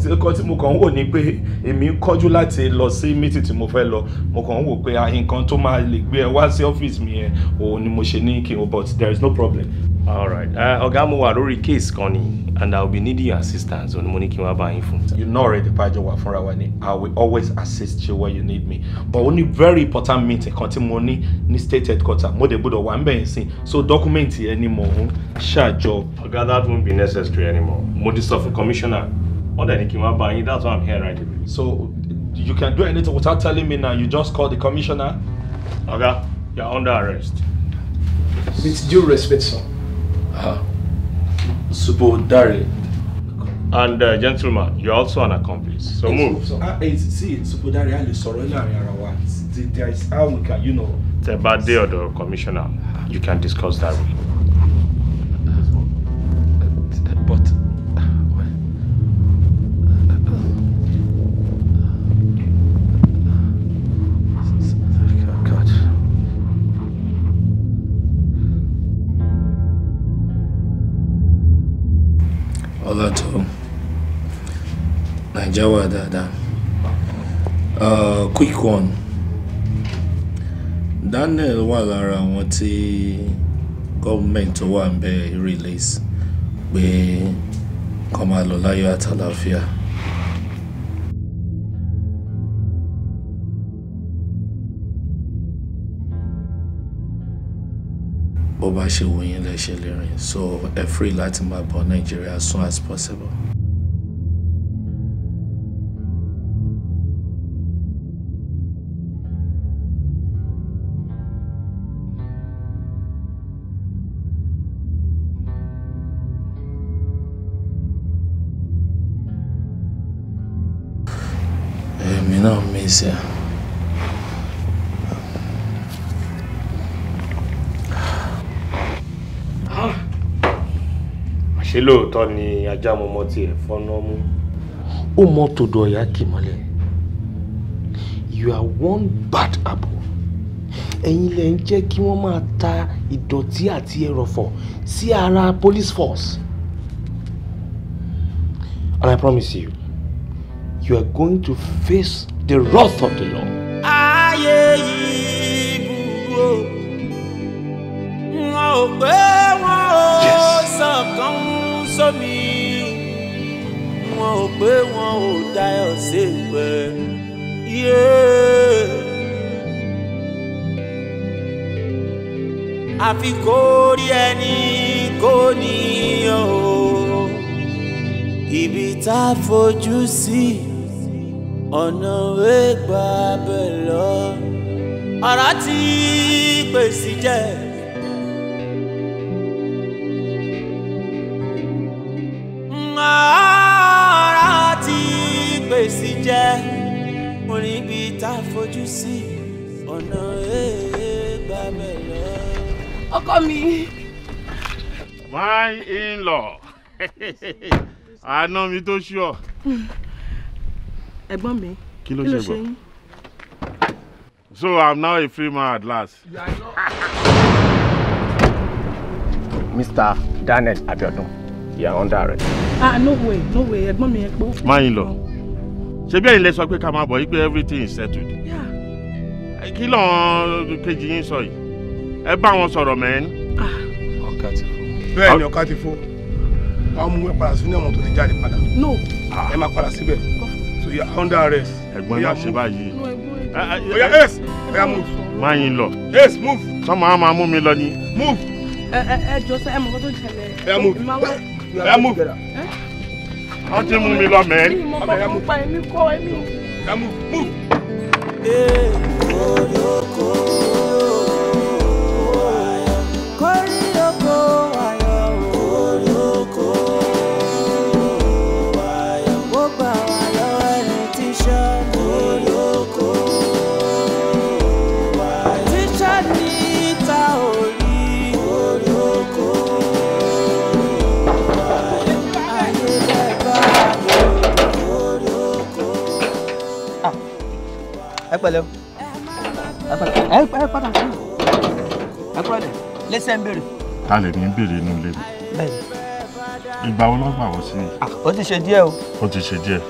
S6: nǹkan tí mo kàn ń wò ni pé èmi ń kọ́jú láti lọ sí mítì tí mo fẹ́ lọ mo kàn ń wò pé ah, nǹkan tó máa lè gbé ẹ wá sí ọ́fíìsì mi yẹn òun ni mo ṣe ní kí n but there is no problem all right uh, ọ̀gá mo wà lórí case kan ni and i will be needing your assistance òní mo ní kí n wá bá yín fún. you know already pàjọ wà fúnra wa ni i will always assist you where you need me but ó ní very important meeting kan tí mo ní ní state headquarter mo dé gbọ́dọ̀ wà ń bẹ̀yìn sí so document yẹn ni mo ń ṣàjọ. ọ̀gá that won't be necessary anymore mo ti sọ fún commissioner wọ́n dẹ̀ ní kí n wá bá yín that's why i'm here right away. so you can do anything without telling me now you just call the commissioner. ọ̀gá okay, you are under arrest. with due respect sir. Uh, Supodare. And uh, gentlemen, you're also an accomplice. So yes, move. So, uh, it's, see, Supodare, I sọ̀rọ̀ láàrin ara There is how we can, you know. Tẹ́ bá dé ọ̀dọ̀ commissioner, you can discuss that with him. jáwà dáadáa uh, quick one Daniel wà lára àwọn tí gọ́ọ̀mẹ̀ntì wà ń bẹ release pé kó máa lọ láyọ̀ àtàlàáfíà. bó bá ṣe wù lẹ ṣe lè rìn so ẹ free láti máa bọ̀ Nàìjíríà as soon as possible. case here. ṣé lóòótọ́ ni ajá mọmọ tiẹ̀ fọ́nà mú. ó mọ tòdò ọ̀yà kì mọ́lẹ̀ you are one bad apple ẹ̀yin lẹ̀ ń jẹ́ kí wọ́n máa ta ìdọ̀tí àti ẹrọ̀fọ̀ sí ara police force and I promise you you are going to face the wrath of the Lord.
S3: Yes. yìí burú
S2: wọn kó rí ẹni kó níyàn o ibi tá
S4: a fojú sí. Si ọ̀nà ìgbà bẹ̀ lọ.
S5: ara ti pèsè jẹ́. ara
S2: ti pèsè jẹ́. mo ní ibi tá a fojú sí ọ̀nà ìgbà bẹ̀ lọ. ọkọ mi.
S9: my in-law àná mi tó ṣú ọ. Hmm ẹ̀gbọ́n mi kí ló ṣe yín. So I'm now a free man at last. Mr. Daniel Abiodun, you are under arrest.
S5: Ah, no way, no way, ẹ̀gbọ́n mi ẹ̀gbọ́n.
S9: Má yín lọ. Ṣé bí ẹ̀yin lẹ sọ pé ká máa bọ̀ yí everything is settled? Kí lọ́n kejì yín sọ yìí? Ẹ bá wọn sọ̀rọ̀ mẹ́rin. Ah. Ọ̀ká ti fún. Bẹ́ẹ̀ni ọ̀ká ti fún.
S6: Wọ́n
S1: mú ẹ padà sínú ẹ̀wọ̀n tó ti jáde padà. No.
S9: Ah, ẹ máa padà síbẹ̀. Kọ́f so you under arrest. ẹ̀gbọ́n má ṣe báyìí. oya yes oya move. má yín lọ. yes move. sọmọ àwọn máa mú mi lọ ni. move.
S5: ẹ ẹ ẹ jọ ẹ mọ kó tó ń ṣẹlẹ̀. oya move oya move. wọ́n ti mú mi lọ mẹ́ẹ́. mi mọ̀ bá mi pa èmi kọ́ èmi. oya move move. ee olóko. pẹ̀lẹ́ ẹ padà ẹ kúrò dẹ̀ lẹ́sẹ̀ ń béèrè.
S9: ta lè ní béèrè inú ilé mi. bẹ́ẹ̀ni. ìgbà wo ló gbà wọ́n sí mi. Ah, ó ti ṣe díẹ̀ o. ó ti ṣe díẹ̀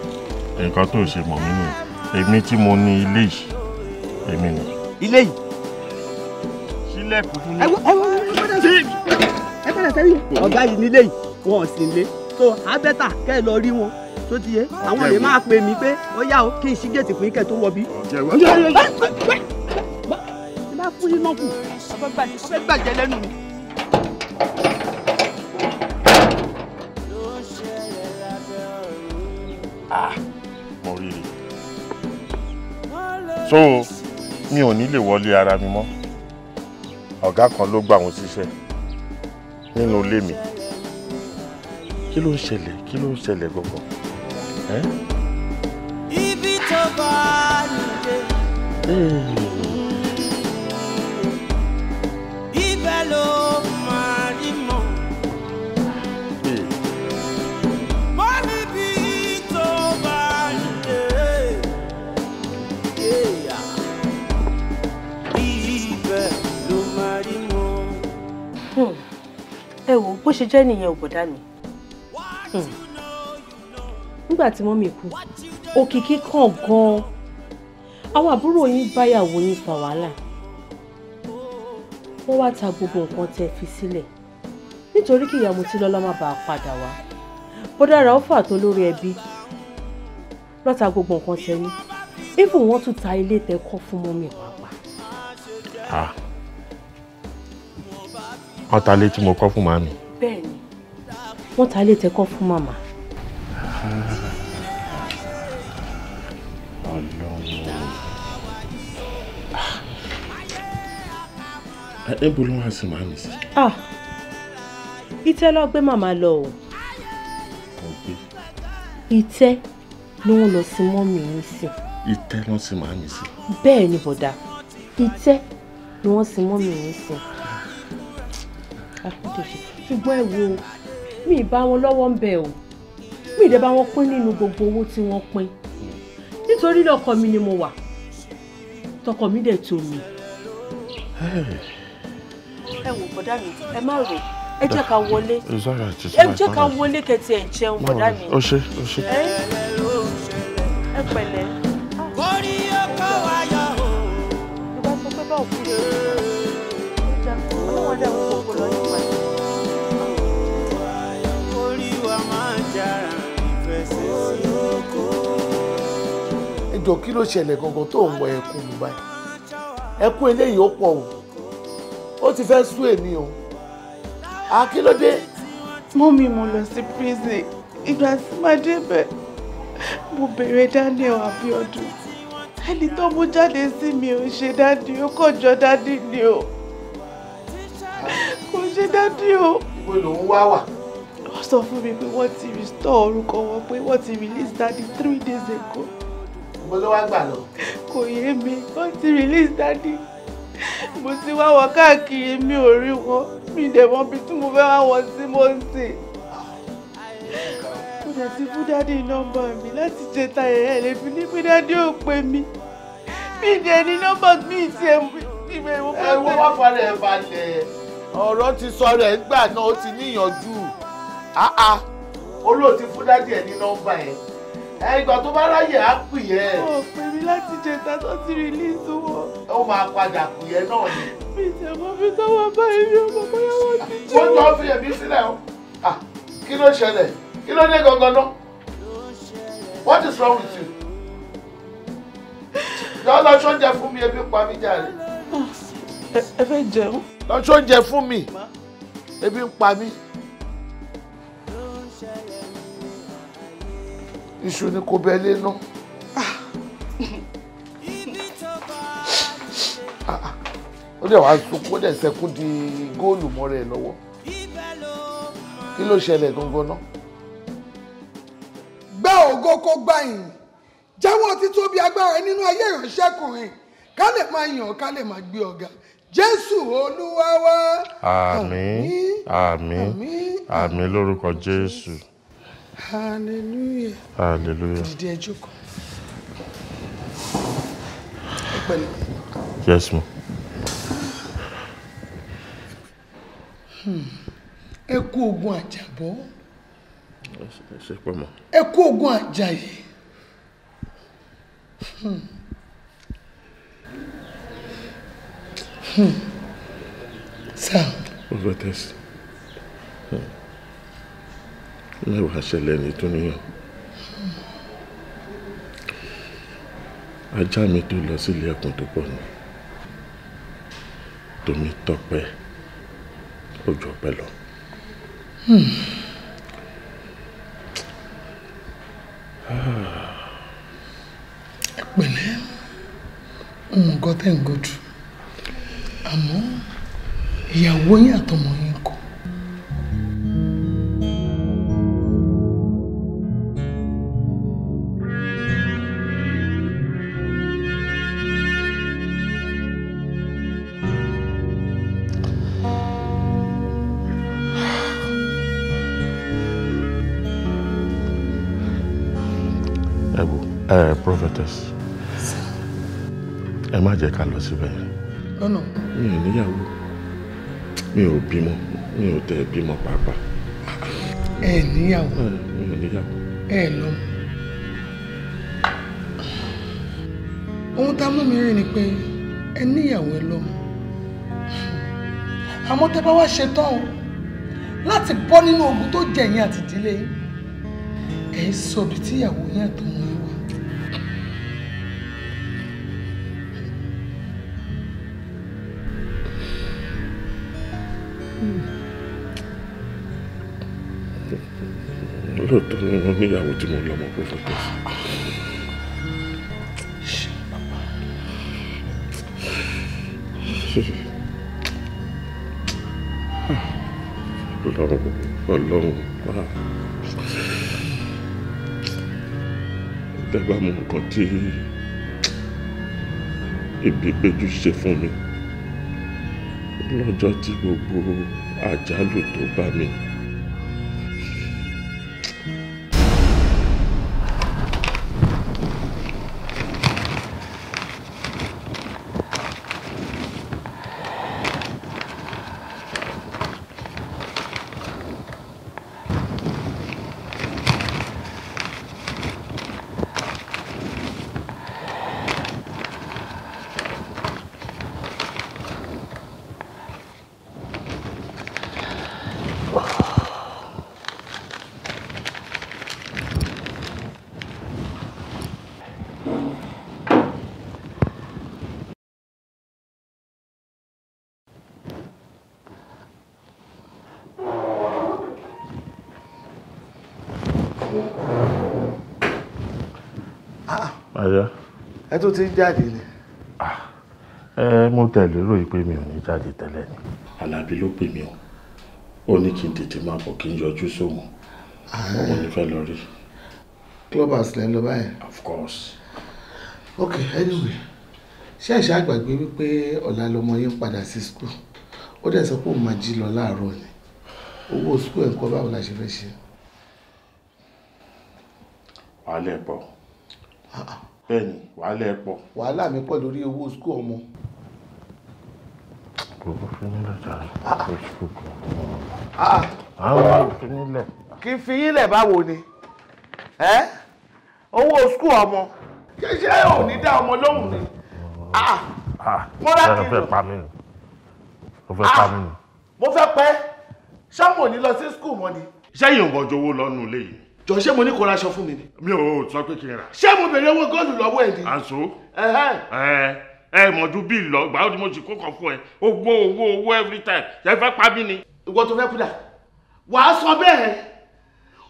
S9: nǹkan tó ṣe mọ̀ mí nìyẹn èmi tí mo ní ilé yìí èmi ni.
S2: ilé yìí. sílẹ̀kùn fún mi. ẹ wọ ẹ padà sẹ́yìn ẹ padà sẹ́yìn ọ̀gá yìí nílé yìí wọn ò sí nílé so abẹ́ta kẹ́ ẹ lọ rí wọn
S1: tó ti yé àwọn lè máa pè mí pé ó yá o kí n ṣí géètì fún ikẹ̀ tó wọ bí. ti
S5: bá fún yín náà kù ọbẹ̀ gbàjẹ́ lẹ́nu mi.
S9: Ah, mo rí rí so mi ò ní lè wọlé ara mi mọ́ ọ̀gá kan ló gbà wọ́n síṣẹ́ nínú ilé mi kí ló ń ṣẹlẹ̀ kí ló ń ṣẹlẹ̀ gbọ̀ngàn. Eh?
S3: ibi hmm.
S9: hmm.
S5: hmm. ẹ wo bó ṣe jẹ́ nìyẹn ò bọ̀dá mi nígbà tí mọ́mì kú òkìkí kàn gan-an àwọn àbúrò yín báyàwó yín fa wàhálà wọ́n wá ta gbogbo nǹkan tẹ́ fi sílẹ̀ nítorí kí ìyá Mọ́tilọ́lá má bàa padà wá bọ́dà Ráúfà tó lórí ẹbí lọ́ta gbogbo nǹkan tẹ́ ní even wọ́n tún ta ilé tẹ́ kọ́ fún mọ́mì
S9: pàápàá. wọ́n ta ilé tí mo kọ́ fún màmí.
S5: bẹ́ẹ̀ni wọ́n ta ilé tẹ́ kọ́ fún màmá.
S9: níbo ló wá sí màmí sí.
S5: Ah, ìtẹ́ lọ gbé màmá lọ o. ìtẹ́ ló ń lọ sí mọ́mí yín sí.
S9: ìtẹ́ ló ń sí màmí sí.
S5: bẹ́ẹ̀ ni bọ̀dà ìtẹ́ ni wọ́n sin mọ́mí yín sí. ṣùgbọ́n ẹ wo mi bá wọn lọ́wọ́ ń bẹ̀ o mi ì dẹ̀ bá wọn pín nínú gbogbo owó tí wọ́n pín nítorí lọ́kọ mi ni mo wà tọkọ mi dẹ̀ tó mi. Hey ẹ wò bọ̀dá mi ẹ má rò ẹ jẹ́ ká wọlé ẹ jẹ́ ká wọlé kẹtì ẹ̀ jẹun bọ̀dá mi. ó ṣe ó ṣe. ẹ pẹ̀lẹ́. kórí ọkọ ayọ̀ o. ìbá sọ pé báwo kú lè jà
S3: kí ló ṣẹlẹ̀ gangan tó ń wọ ẹkún mi báyìí ẹkún eléyìí ó pọ̀ o ó ti fẹ́ sú èmi o àkílódé. mọ́mí mo lọ sí prison ìgbà tí màá débẹ̀ mo bèrè Daniel Abiodun ẹni tó mú jáde sí mi ò ṣe dádì ó kàn jọ dádì ni o kò ṣe dádì o. ìwé lòun wá wà. wọ́n sọ fún mi pé wọ́n ti restore orúkọ wọn pé wọ́n ti release dádì three days ago. mo ló wá gbà lọ. kò yé mi wọ́n ti release dádì mo ti wá wọn káàkiri mi ò rí wọn mi dẹ̀ mọ̀ bí tí mo fẹ́ wá wọn sí mo ń sìn. mo dẹ̀ ti fún dádì nọ́mbà mi láti jẹ tayẹ̀ ẹ̀ lè fi ní pé dádì ò pè mí mi dẹ̀ ní nọ́mbà mi ti ẹ̀ ìbẹ̀ mo fẹ́. ẹ wo wá fara ẹ balẹ̀ ọ̀rọ̀ ti sọ rẹ̀ nígbà náà ó ti níyànjú olóòtú fún dádì ẹ̀ ní nọ́mbà yẹn ẹ ìgbà tó bá ráyè á pè yẹ. ó pè mí láti jẹta tó ti rìlíìsì wọn. ó máa padà pè yẹ náà ni. mi ìjà máa fi tọ́wọ́ báyìí mi ò mọ̀ bóyá wọ́n ti jẹ́. wọ́n tọ́ fi ẹ̀mí sílẹ̀ o. kí ló ṣẹlẹ̀ kí ló dé gangan náà. what is wrong with you. lọ lọ sóúnjẹ fún mi ebi pa mí jàre. ẹ fẹ́ jẹun. lọ sóúnjẹ fún mi ebi pa mí. iṣu ni kò bẹ́ẹ̀ lé ná. ó dẹ̀ wá sunkún ó dẹ̀ sẹ́kún di góòlù mọ́ra ẹ̀ lọ́wọ́ kí ló ṣẹlẹ̀ gangan náà. gbá ògo kó gbá yìnyín jáwọ́ títóbi agbára nínú ayé ìránṣẹ́kùnrin ká lè máa yàn ká lè máa gbé ọ̀gá jésù olúwa wá.
S9: àmín àmín àmín lórúkọ jésù. Jesus
S3: hallelujah
S9: hallelujah
S3: dìde ẹ jókòó ẹ pẹ̀lẹ́. yes ma. Hmm. ẹ kú ogun àjàbọ́ ẹ kú ogun àjàyè. Hmm.
S9: Hmm. Sound. What about this? Hmm mẹ́wàá ṣẹlẹ̀ ní túnúyàn ajá mi tó lọ sílé ẹkùn tó pọ̀ ni tòmí tọpẹ́ ojú ọpẹ́ lọ.
S3: ẹ pẹ̀lẹ́ nǹkan tẹ̀ ń gòdù àmọ́ ìyàwó yín àtọmọ yín.
S9: protest ẹ má jẹ́ ká lọ síbẹ̀. lọ́nà. mi ò níyàwó mi ò bímọ mi ò tẹ̀ bímọ pàápàá. ẹ níyàwó. mi ò níyàwó.
S3: ẹ lọ. ohun tá a mú mi rí ni pé ẹ níyàwó ẹ lọ. àmọ́ tẹ́ bá wá ṣe tán o láti bọ́ nínú ogun tó jẹ̀yìn àtìdílé ẹ̀ sọ ibi tíyàwó yẹn tó ń lọ.
S9: tí mo lọ́mọ pé fún pẹ́sì. ọlọ́run ọlọ́run dábàá mọ nǹkan tí ibi péjú ṣe fún mi lọ́jọ́ tí gbogbo àjálù tó bá àyà.
S3: ẹ tún ti ń jáde ni. Ah,
S9: ẹ mo tẹ̀lé rò pé mi ò ní jáde tẹ́lẹ̀ ni. alábí ló pè mí o ó ní kí n tètè máa bọ̀ kí n yọjú sóhun ọmọ ah. ní fẹ́ lọ rí. clubhouse
S3: lẹ́ lọ báyìí. of course. ok anyway ṣé ẹ̀ṣẹ̀ àgbàgbé wípé ọ̀la lọmọ yín padà sí school ó dẹ̀ sọ pé òun máa jí lọ láàárọ̀ ni owó school ẹ̀ ń kọ́ báwo la ṣe fẹ́ ṣe.
S9: wàhálẹ̀ pọ̀. Ah, bẹ́ẹ̀ni wàhálà ẹ pọ̀. wàhálà mi pọ̀ lórí owó sukú ọmọ. gbogbo fínilẹ̀ jàre ah, ah. gbogbo sukú ah. kan. àwọn fínilẹ̀.
S3: kì í fi yílẹ̀ báwo ni owó sukú ọmọ ṣé ṣé ò ní dá ọmọ lóhùn ni
S9: wọ́n rà kí n lò. mo fẹ́ pa mí ni.
S3: mo fẹ́ pẹ́ ṣọ́mù ò ní lọ sí sukú mọ́ ni.
S9: ṣé yìí ń wọ́jọ́ owó lọ́nu ilé jọ ṣé mo ní kó ra aṣọ fún mi ni. mi ò sọ pé kí n rà. ṣé mo bèrè owó góòlù lọ́wọ́ ẹ̀ ni. àṣọ ẹ ẹ mọ̀jú bíi lọ gbà ó ni mo sì kókàn fún ẹ owó owó owó every time ṣe fẹ́ pa mí ni. ìwọ tó fẹ́ kú dà
S3: wàá sọ bẹ́ẹ̀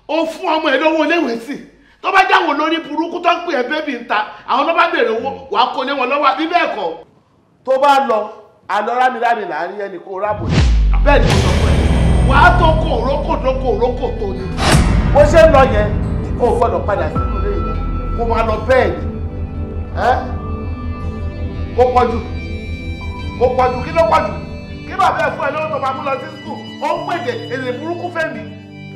S3: o fún ọmọ ẹ lọ́wọ́ léwé sí tó bá jáwọ́ lórí burúkú tó ń pè ẹ́ bébì ń ta àwọn tó bá bèrè owó wàá kó lé wọn lọ́wọ́ àbí bẹ́ẹ̀ kọ́. tó bá lọ àlọ́ rámìrámì láàrin ẹnì kó rábò ní bẹ́ẹ̀ ni mo sọ fún ẹ wàá tó kó òrókò tó kó òrókò tó ni bó ṣe ń lọ yẹn o gbọ́dọ̀ padà sínú ilé yìí kó máa lọ bẹ́ẹ̀ ni kó pọ̀jù kó pọ̀jù kí ló pọ̀jù kí bàbá ẹ̀ fún ẹ lọ́wọ́ tó máa mú lọ sí skul ó ń pèdè èdè burúkú fẹ́ mi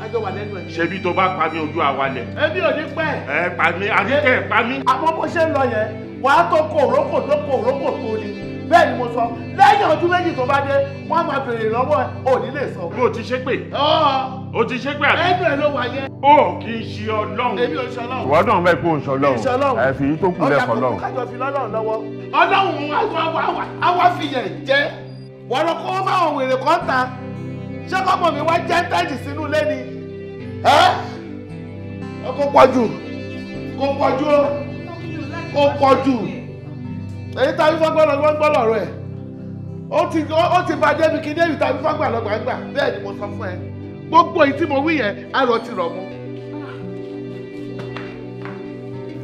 S3: lájọ wà lẹ́nu ẹ̀.
S9: ṣebí tó bá pa mí ojú àwa lẹ̀.
S3: ẹbí ò ní pẹ́.
S9: ẹ pa mí àníkẹ́
S3: pa mí. àmọ́ bó ṣe ń lọ yẹn wàá tó kó òrókò tó kó òrókò tó ni bẹ́ẹ̀ ni mo sọ lẹ́yìn ọdún méjì tó bá dé wọ́n á máa bèrè lọ́wọ́ ẹ ò ní lè sọ. o ti ṣe pé o ti ṣe pé àbí. ẹgbẹ́ ló wà yẹn. o kì í ṣe ọlọ́run. èmi ò ṣe ọlọ́run. ìwọ́dọ̀ ń
S9: bẹ kó o ṣe ọlọ́run ẹ fi tó kù lẹ́kọ̀ọ́ lọ́run. ọjà kò
S3: kájọ fi lọ́lọ́run lọ́wọ́. ọlọ́run àwa fìyẹ̀ jẹ́ wọ́n lọ kó máa wèrè kọ́ńtà ṣé kọ́mọ mi wá jẹ́ tẹ́jì sínú ilé ni kó pọ̀jù kó pọ̀jù kó pọ̀jù èyí tá a fífọ́ gbọ́dọ̀ gbọ́dọ̀ lọ́rọ̀ ẹ̀ ó ti ó ti bàjẹ́ mi kí débi tá a fífọ́ gbàlọ́ gbàgbà bẹ́ẹ̀ ni mo sọ fún ẹ gbogbo èyí tí mo wí yẹn arọ ti rọ̀ mu.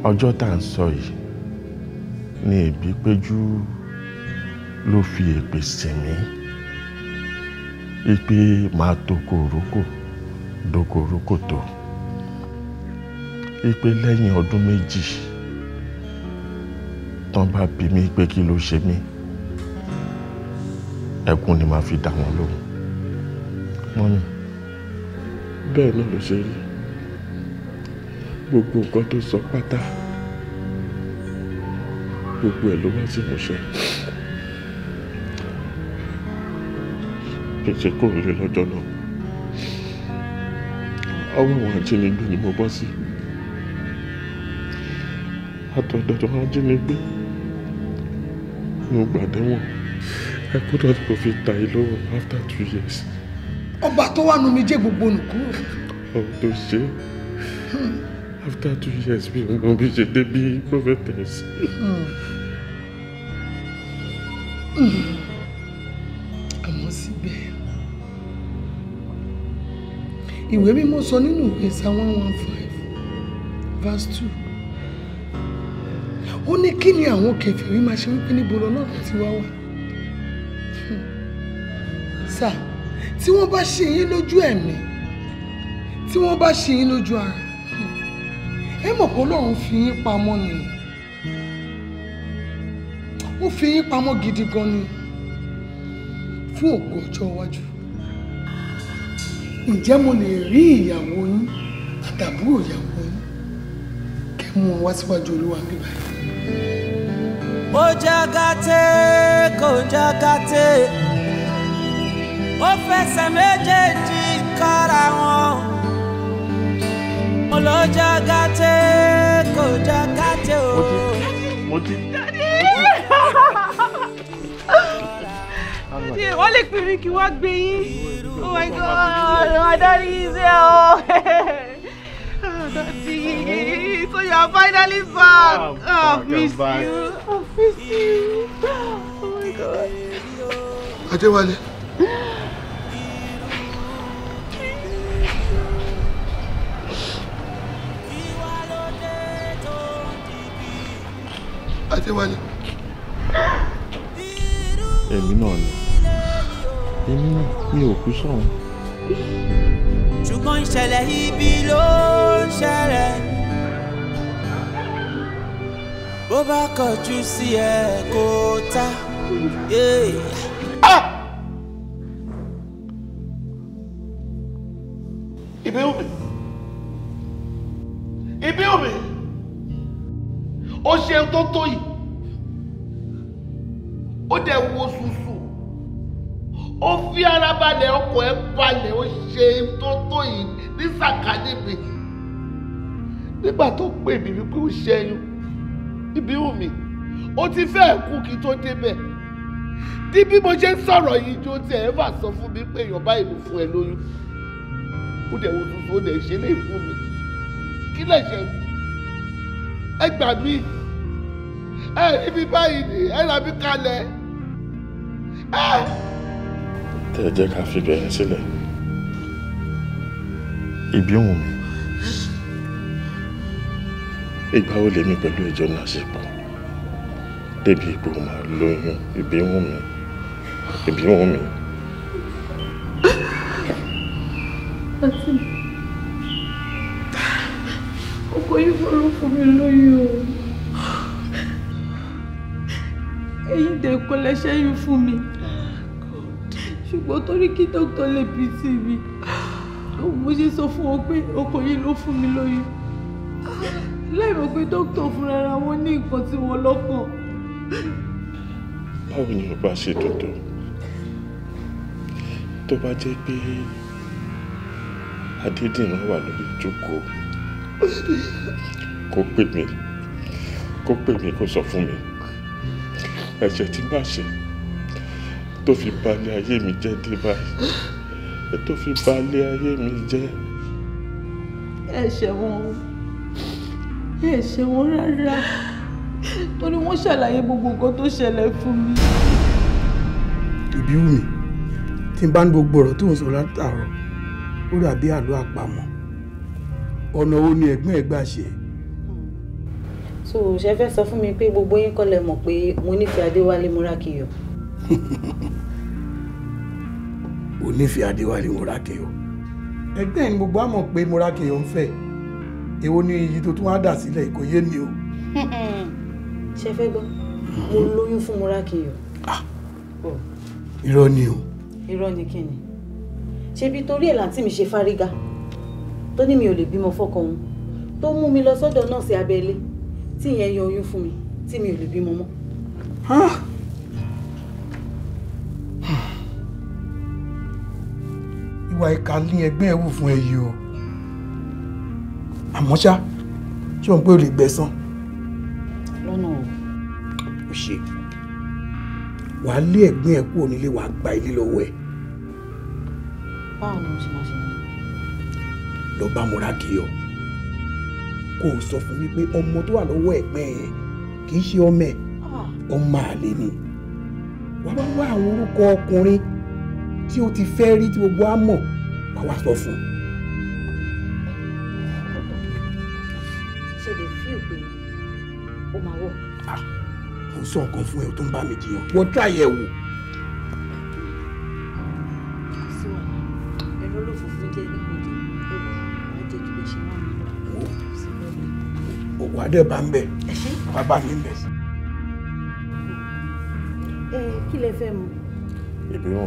S9: ọjọ́ tá à ń sọ yìí ni èbí péjú ló fi èpè sìn mí ipe máa tokoroko dokoroko tó ipe lẹ́yìn ọdún méjì tán bá bi mí pé kí ló ṣe mí ẹkún ni màá fi dà wọ́n lóhùn mọ́mí bẹ́ẹ̀ náà ló ṣe rí gbogbo nǹkan tó sọ pátá gbogbo ẹ̀ ló wá sí ìmúṣẹ pèsè kò lè lọ́jọ́ náà ọwọ́ àwọn ajínigbé ni mo bọ́ sí àtọ̀dọ̀dọ̀ ajínigbé mo gbàdé wọn i could not go fi ta ìlú after two years.
S3: ọba tó wà nù mí jẹ́ gbogbo nìkú.
S9: ọ̀hún tó ṣe after two years mi ò mọ bí ṣe dé bí prophetess.
S3: àmọ́ síbẹ̀ ìwé mímọ́ sọ nínú ìwé sáwọn one five verse two ó ní kí ni àwọn kèfèrí máa ṣe wípé níbo lọ náà ti wá wá hmm. sà tí wọ́n bá ṣe yín lójú ẹ̀mí tí wọ́n bá ṣe yín lójú ara hmm, ẹ mọ̀ pé Ọlọ́run fi yín pamọ́ ni ó fi yín pamọ́ gidi gan ni fún ògo ọjọ́ iwájú ǹjẹ́ mo lè rí ìyàwó yín àtàbúrò ìyàwó yín kẹ́ mú wá síwájú Olúwa mi báyìí ó jágàté
S5: kò jágàté ó fẹsẹ̀ méjèèjì kára wọn ó lọ jágàté kò jágàté o. mo ti dáadé. wọ́n lè pè mí kí wọ́n gbé yín oh my god my daddy is here. So
S3: you are finally back. Oh, oh I've missed you. I've missed you. Oh my God. Adéwálé. Adéwálé.
S9: Èmi náà ni. Èmi náà mi ò kú sọ̀rọ̀.
S2: Ṣùgbọ́n ìṣẹ̀lẹ̀ ibi ló ń ṣẹlẹ̀ bó bá kọjú sí ẹ kó tá.
S3: Ah! ibi omi ibi omi ó ṣe tó tó yìí ó dẹ̀ wo ṣùṣù ó fi ara balẹ̀ ọkọ̀ ẹ̀ balẹ̀ ó ṣe tó tó yìí ní sàkánì nígbà tó pè mí wípé ó ṣẹ́yún ibi wù mí ó ti fẹ́ kú kí tó débẹ̀ dí bí mo ṣe ń sọ̀rọ̀ yìí jó tí ẹ̀ fà sọ fún mi pé èèyàn báyìí ló fún ẹ lóyún ó dẹ̀ wo tuntun ó dẹ̀ ṣe lè fún mi kí lè ṣe mí ẹ gbà mí ẹ ibi báyìí ni ẹ là mí kalẹ̀
S9: ẹ. tẹ ẹ jẹ́ ká fi bẹ̀rẹ̀ sílẹ̀ ibi òun mi ìgbà wo lèmi pẹ̀lú ìjọ náà ṣe pọ̀ débi ipò máa lóyún ìbí wù mí ìbí wù mí.
S3: àti ọkọ yìí fọlọ́ fún mi lóyún o èyí dẹ̀kọ́ lẹ́sẹ̀ yìí fún mi ṣùgbọ́n torí kí dókítà lè bí tì mí mo ṣe sọ fún ọ pé ọkọ yìí ló fún mi lóyún
S5: láìmọ̀ pé dókítà fúnra ra wọn ní nǹkan tí wọ́n lọ́kàn.
S9: báwo ni ọba ṣe dọ̀dọ̀ tó bá jẹ́ pé adédìran wà lórí ìjókòó kó pè mí kó pè mí kó sọ fún mi ẹ̀ṣẹ̀ tí bá ṣe tó fi balẹ̀ ayé mi jẹ́ dé báyìí tó fi balẹ̀ ayé mi jẹ́.
S5: ẹ̀ṣẹ̀ wọn ẹ ṣe wọn rárá torí wọ́n ṣàlàyé gbogbo nǹkan tó ṣẹlẹ̀ fún mi.
S1: ìbí wù mí tí n bá ní gbogbo ọ̀rọ̀ tó ń sọ látàárọ̀
S3: ó dàbí àlọ́ àpamọ̀ ọ̀nà wo ni ẹ̀gbọ́n ẹ̀ gbà ṣe.
S5: so ṣe fẹ́ sọ fún mi pé gbogbo yín kọ́ lẹ mọ̀ pé mo nífẹ̀ẹ́ adéwálé múrákìyọ.
S9: o nífẹ̀ẹ́ adéwálé múrákìyọ
S3: ẹgbẹ́ ẹ̀ ni gbogbo àmọ̀ pé múrákìyọ ń fẹ́ èwo ni iyì tó tún wá dà sílẹ̀ kò yé mi o.
S5: ṣe fẹ́ gbọ́ mo lóyún fún Muraki ah.
S3: o. irọ́ ni o.
S5: irọ́ ni kí ni ṣebí torí ẹ̀ láǹtí mi ṣe fárígá tó ní mi ò lè bímọ fọ́kọ òun tó mú mi lọ sọ́dọ̀ nọ́ọ̀sì abẹ́lé tí ìyẹn yan oyún fún mi tí mi ò lè bímọ mọ́. Ah.
S1: ìwà ìkà ní ẹgbẹ́ ẹ̀wù fún ẹ yìí o àmọ́ ṣá ṣé òun pé o lè gbẹ̀san. lọ́nà o.
S3: o ṣe
S8: wàá lé ẹ̀gbìn ẹ̀ kúrò nílé wàá gba ilé lọ́wọ́ ẹ̀. báwo ni o. ṣe máa ṣe yẹn. lọ bá Mọ́rádì yọ kó o sọ fún
S5: mi pé
S3: ọmọ tó wà lọ́wọ́ ẹ̀gbìn ẹ̀ kì í ṣe ọmọ ẹ̀ ah. ọmọ àlè ni
S1: wàá bá wá àwọn orúkọ ọkùnrin tí o ti fẹ́ rí tí gbogbo á mọ̀ wàá wá sọ fún un.
S8: sọ ọ̀kan fún ẹ tó ń bá mi jiyàn wọ́n try
S4: ẹ̀
S9: òwò adé bá ń bẹ bàbá ¿Eh, mi ń bẹ.
S5: Eh, kí lẹ fẹ́ mu.
S9: èmi ò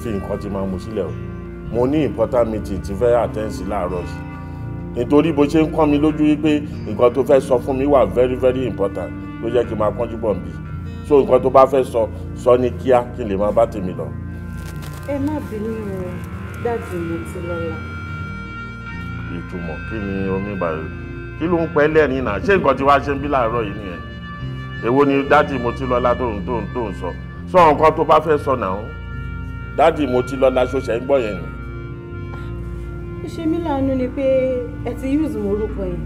S9: fi nǹkan tí máa mu sílẹ̀ o mo ní important meeting tí fẹ́ attend sí láàárọ̀ yìí nítorí bó ṣe ń kọ́ mi lójú wípé nǹkan tó fẹ́ sọ fún mi wà very very important ló jẹ́ kí n máa kánjú bọ̀ nbí so nǹkan tó bá fẹ́ sọ sọ ní kíá kí n lè máa bá tèmi lọ.
S5: ẹ má bínú rẹ dájú mi ti lọ́la.
S9: ìtumọ̀ kí ni omi bàrẹ̀ kí ló ń pẹ́ lẹ́rìn náà ṣé nǹkan tí wàá ṣe ń bí láàárọ̀ yìí nìyẹn èwo ni dájú mo ti lọ́la tó ń tó ń tó ń sọ sọ nǹkan tó bá fẹ́ sọ náà dájú mo ti lọ́la ṣó ń gbọ́ yẹn nìyẹn
S5: fi ṣe mí láàánú ni pé ẹ ti use mo orúkọ yẹn.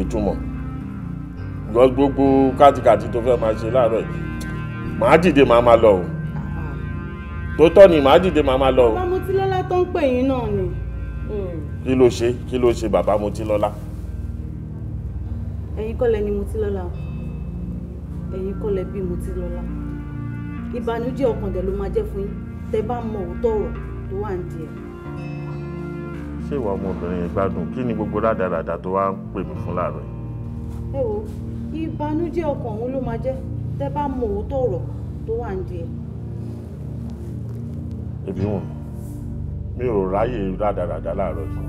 S9: ìtumọ̀ gbogbo kátikàti tó fẹ́ máa ṣe láàárọ̀ yìí màá dìde màá máa lọ o tó tọ́ ni màá dìde màá máa lọ o. bàbá
S5: Motílọ́lá tó ń pè yín náà ni. Hmm.
S9: kí ló ṣe kí ló ṣe bàbá Motílọ́lá.
S5: ẹ̀yin kọ́ lẹni Motílọ́lá o ẹ̀yin kọ́ lẹ bí Motílọ́lá ìbànújẹ́ ọkàn dẹ̀ ló máa jẹ́ fún yín tẹ́ bá mọ òótọ́ ọ̀rọ̀ tó wà ń di ẹ̀
S9: ṣé ìwà ọmọbìnrin yẹn gbádùn kí ni gbogbo rádaràda tó wá ń pè mí fún láàárọ̀ yìí.
S5: ẹ wo ìbànújẹ́ ọkàn òun ló máa jẹ́ tẹ́ bá mọ òótọ́ ọ̀rọ̀ tó wà ń di ẹ.
S9: èmi wọn mi ò ráyè rádaràda láàárọ̀ yìí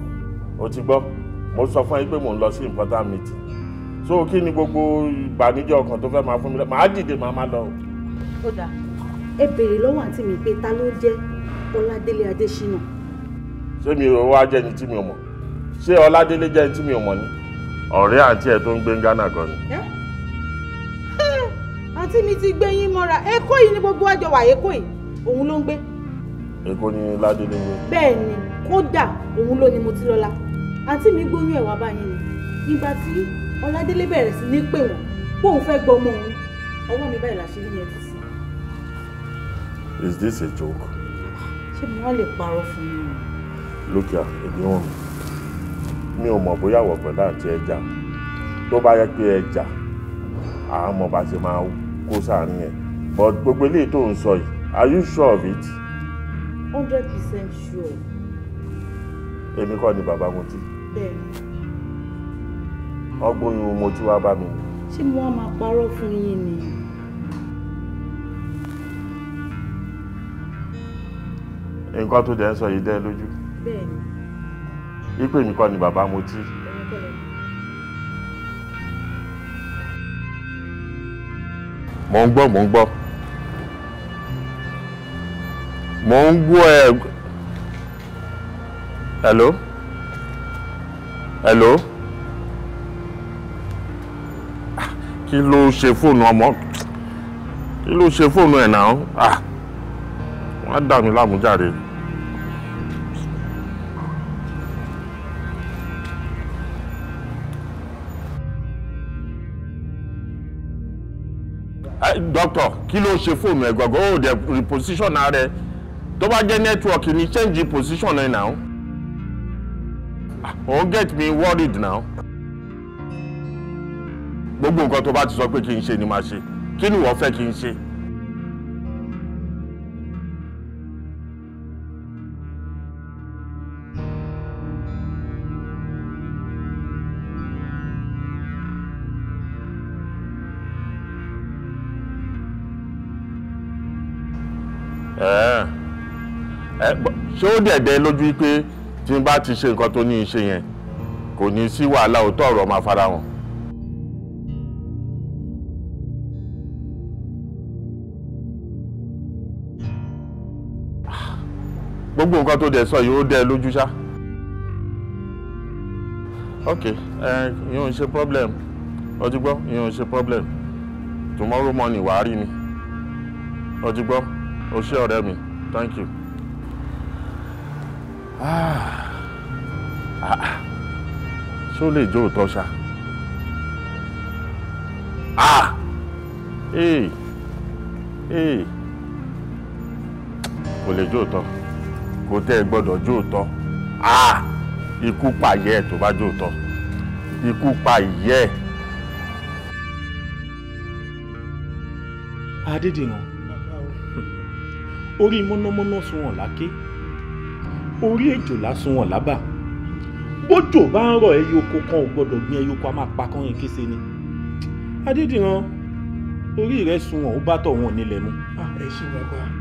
S9: o ti gbọ́ mo sọ fún yín pé mò ń lọ sí important meeting so kí ni gbogbo ìbànújẹ́ ọkàn tó fẹ́ máa fún mi lọ màá dìde màá má lọ.
S5: ó dáa ẹ béèrè lọ́wọ́ àǹtí mi pé ta ló jẹ́ ọládélé adésínà
S9: ṣé mi ò wá jẹ́ ẹni tí mi ò mọ̀ ṣé ọládélé jẹ́ ẹni tí mi ò mọ̀ ni ọ̀rẹ́ àǹtí ẹ̀ tó ń gbé ń gánà gan ni.
S5: àǹtí mi ti gbé yín mọ́ra èkó yìí ni gbogbo ọjọ́ wà èkó yìí òun ló ń gbé.
S9: èkó ni ládélé
S5: ń gbé. bẹ́ẹ̀ ni kódà òun ló ni mo ti lọ́la àǹtí mi gbóyún ẹ̀wà báyìí ni nígbà tí ọládélé bẹ̀rẹ̀ sí ní pè wọ́n bóun fẹ́ gbọ́ ọmọ òun ọwọ́ mi báyìí làṣírí yẹn ti sí.
S9: Is this a joke?
S5: ṣé mo wá lè parọ́ fún mi?
S9: lókè èmi ò rùn mi ò mọ̀ bóyá wọ̀ pẹ̀lú àti ẹja tó bá yẹ pé ẹja àá mọ̀ bá ṣe máa kó sáàrin yẹn but gbogbo eléyìí tó ń sọ yìí are you sure of it.
S5: hundred percent sure.
S9: èmi kọ́ ni bàbá mo ti. bẹ́ẹ̀ni. ọgbọ́n yìí mo ti wá bá mi.
S5: ṣé mo wá máa parọ́ fún yín ni.
S9: nǹkan tó dẹ̀ ń sọ yìí dẹ́ lójú bẹ́ẹ̀ni. wípé mi kọ́ ni bàbá mo ti. mò ń gbọ́ mò ń gbọ́ mò ń gbọ́ ẹ. hello hello ah, kí ló ṣe fóònù ọmọ kí ló ṣe fóònù ẹ̀ náà ah, wọ́n á dà mí láàmú jàre. doctor kí ló ṣe fóònù ẹ̀ gbọ̀ngàn ó dẹ̀ reposition ara ẹ̀ tó bá jẹ́ network ni change position ẹ̀ now oh get me worried now gbogbo nǹkan tó bá ti sọ pé kí n ṣe ni màá ṣe kí ni ìwọ fẹ́ kí n ṣe. ṣé ó dẹ̀dẹ̀ lójú pé tí n bá ti ṣe nǹkan tó ní í ṣe yẹn kò ní sí wàhálà òótọ́ ọ̀rọ̀ máa farahàn. gbogbo nǹkan tó dẹ̀ sọ yìí ó dẹ́ ẹ lójú ṣá. ok ìyóò ṣe problem ọdúgbọ́ ìyóò ṣe problem tomorrow morning wàá rí mi ọdúgbọ́ o ṣé ọ̀rẹ́ mi thank you. Ah. Ah, ah. ṣó lè jó òótọ́ ṣá kò lè jó òótọ́ kò tẹ́ ẹ gbọ́dọ̀ jó òótọ́ ikú pààyẹ́ ẹ̀ tó bá jó òótọ́ ikú pààyẹ́ ẹ̀.
S8: Adédìran orí mọ́nàmọ́ná sunwọ̀n lákè orí èjò lásùn wọn lábà bójò bá ń rọ ẹyọ oko kan ò gbọdọ̀ gbin ẹyọ oko a máa pa kán yín kése ni adédìran orí rẹ sun wọn ó bá tọ̀wọ́n onílẹ̀ mu ah,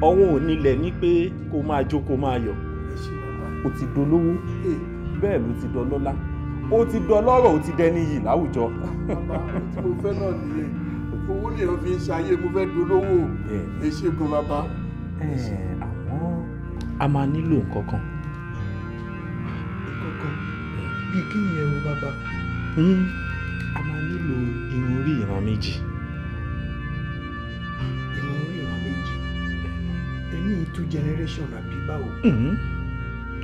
S8: ọ̀wọ́n onílẹ̀ ni pé kó máa jó kó máa yọ̀ ó ti dolówó eh. bẹ́ẹ̀ ló ti dọlọ́lá ó ti dọlọ́rọ̀ ó ti dẹni yìí láwùjọ.
S9: bàbá tí mo fẹ́ náà nìyẹn owó lèèyàn fi ń ṣayé mo fẹ́ dolówó ẹ ṣe gan bàbá.
S8: àmọ́ a máa nílò nǹkan kan
S9: bíi kí nìyẹn o bàbá.
S8: Hmm? a máa nílò irun orí ìran méjì.
S1: irun orí ìran méjì ẹni two generation àbí báwo.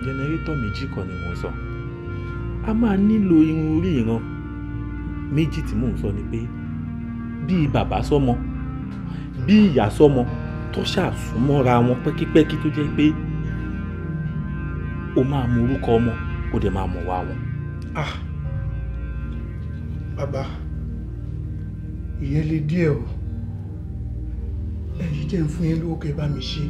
S8: jẹnẹrétọ̀ hmm? méjì kan ni mo sọ a máa nílò irun orí ìran méjì tí mò ń sọ ni pé bíi bàbá sọmọ bíi ìyá sọmọ tó ṣàsúnmọ́ra wọn pẹ́kípẹ́kí tó jẹ́ pé o máa mọ orúkọ ọmọ o dẹ̀ máa mọ̀ wá wọn ah
S1: bàbá ìyẹn le díẹ̀ o ẹ̀yin jẹ́ ń fún yín lówó kẹ́ bá mi ṣe.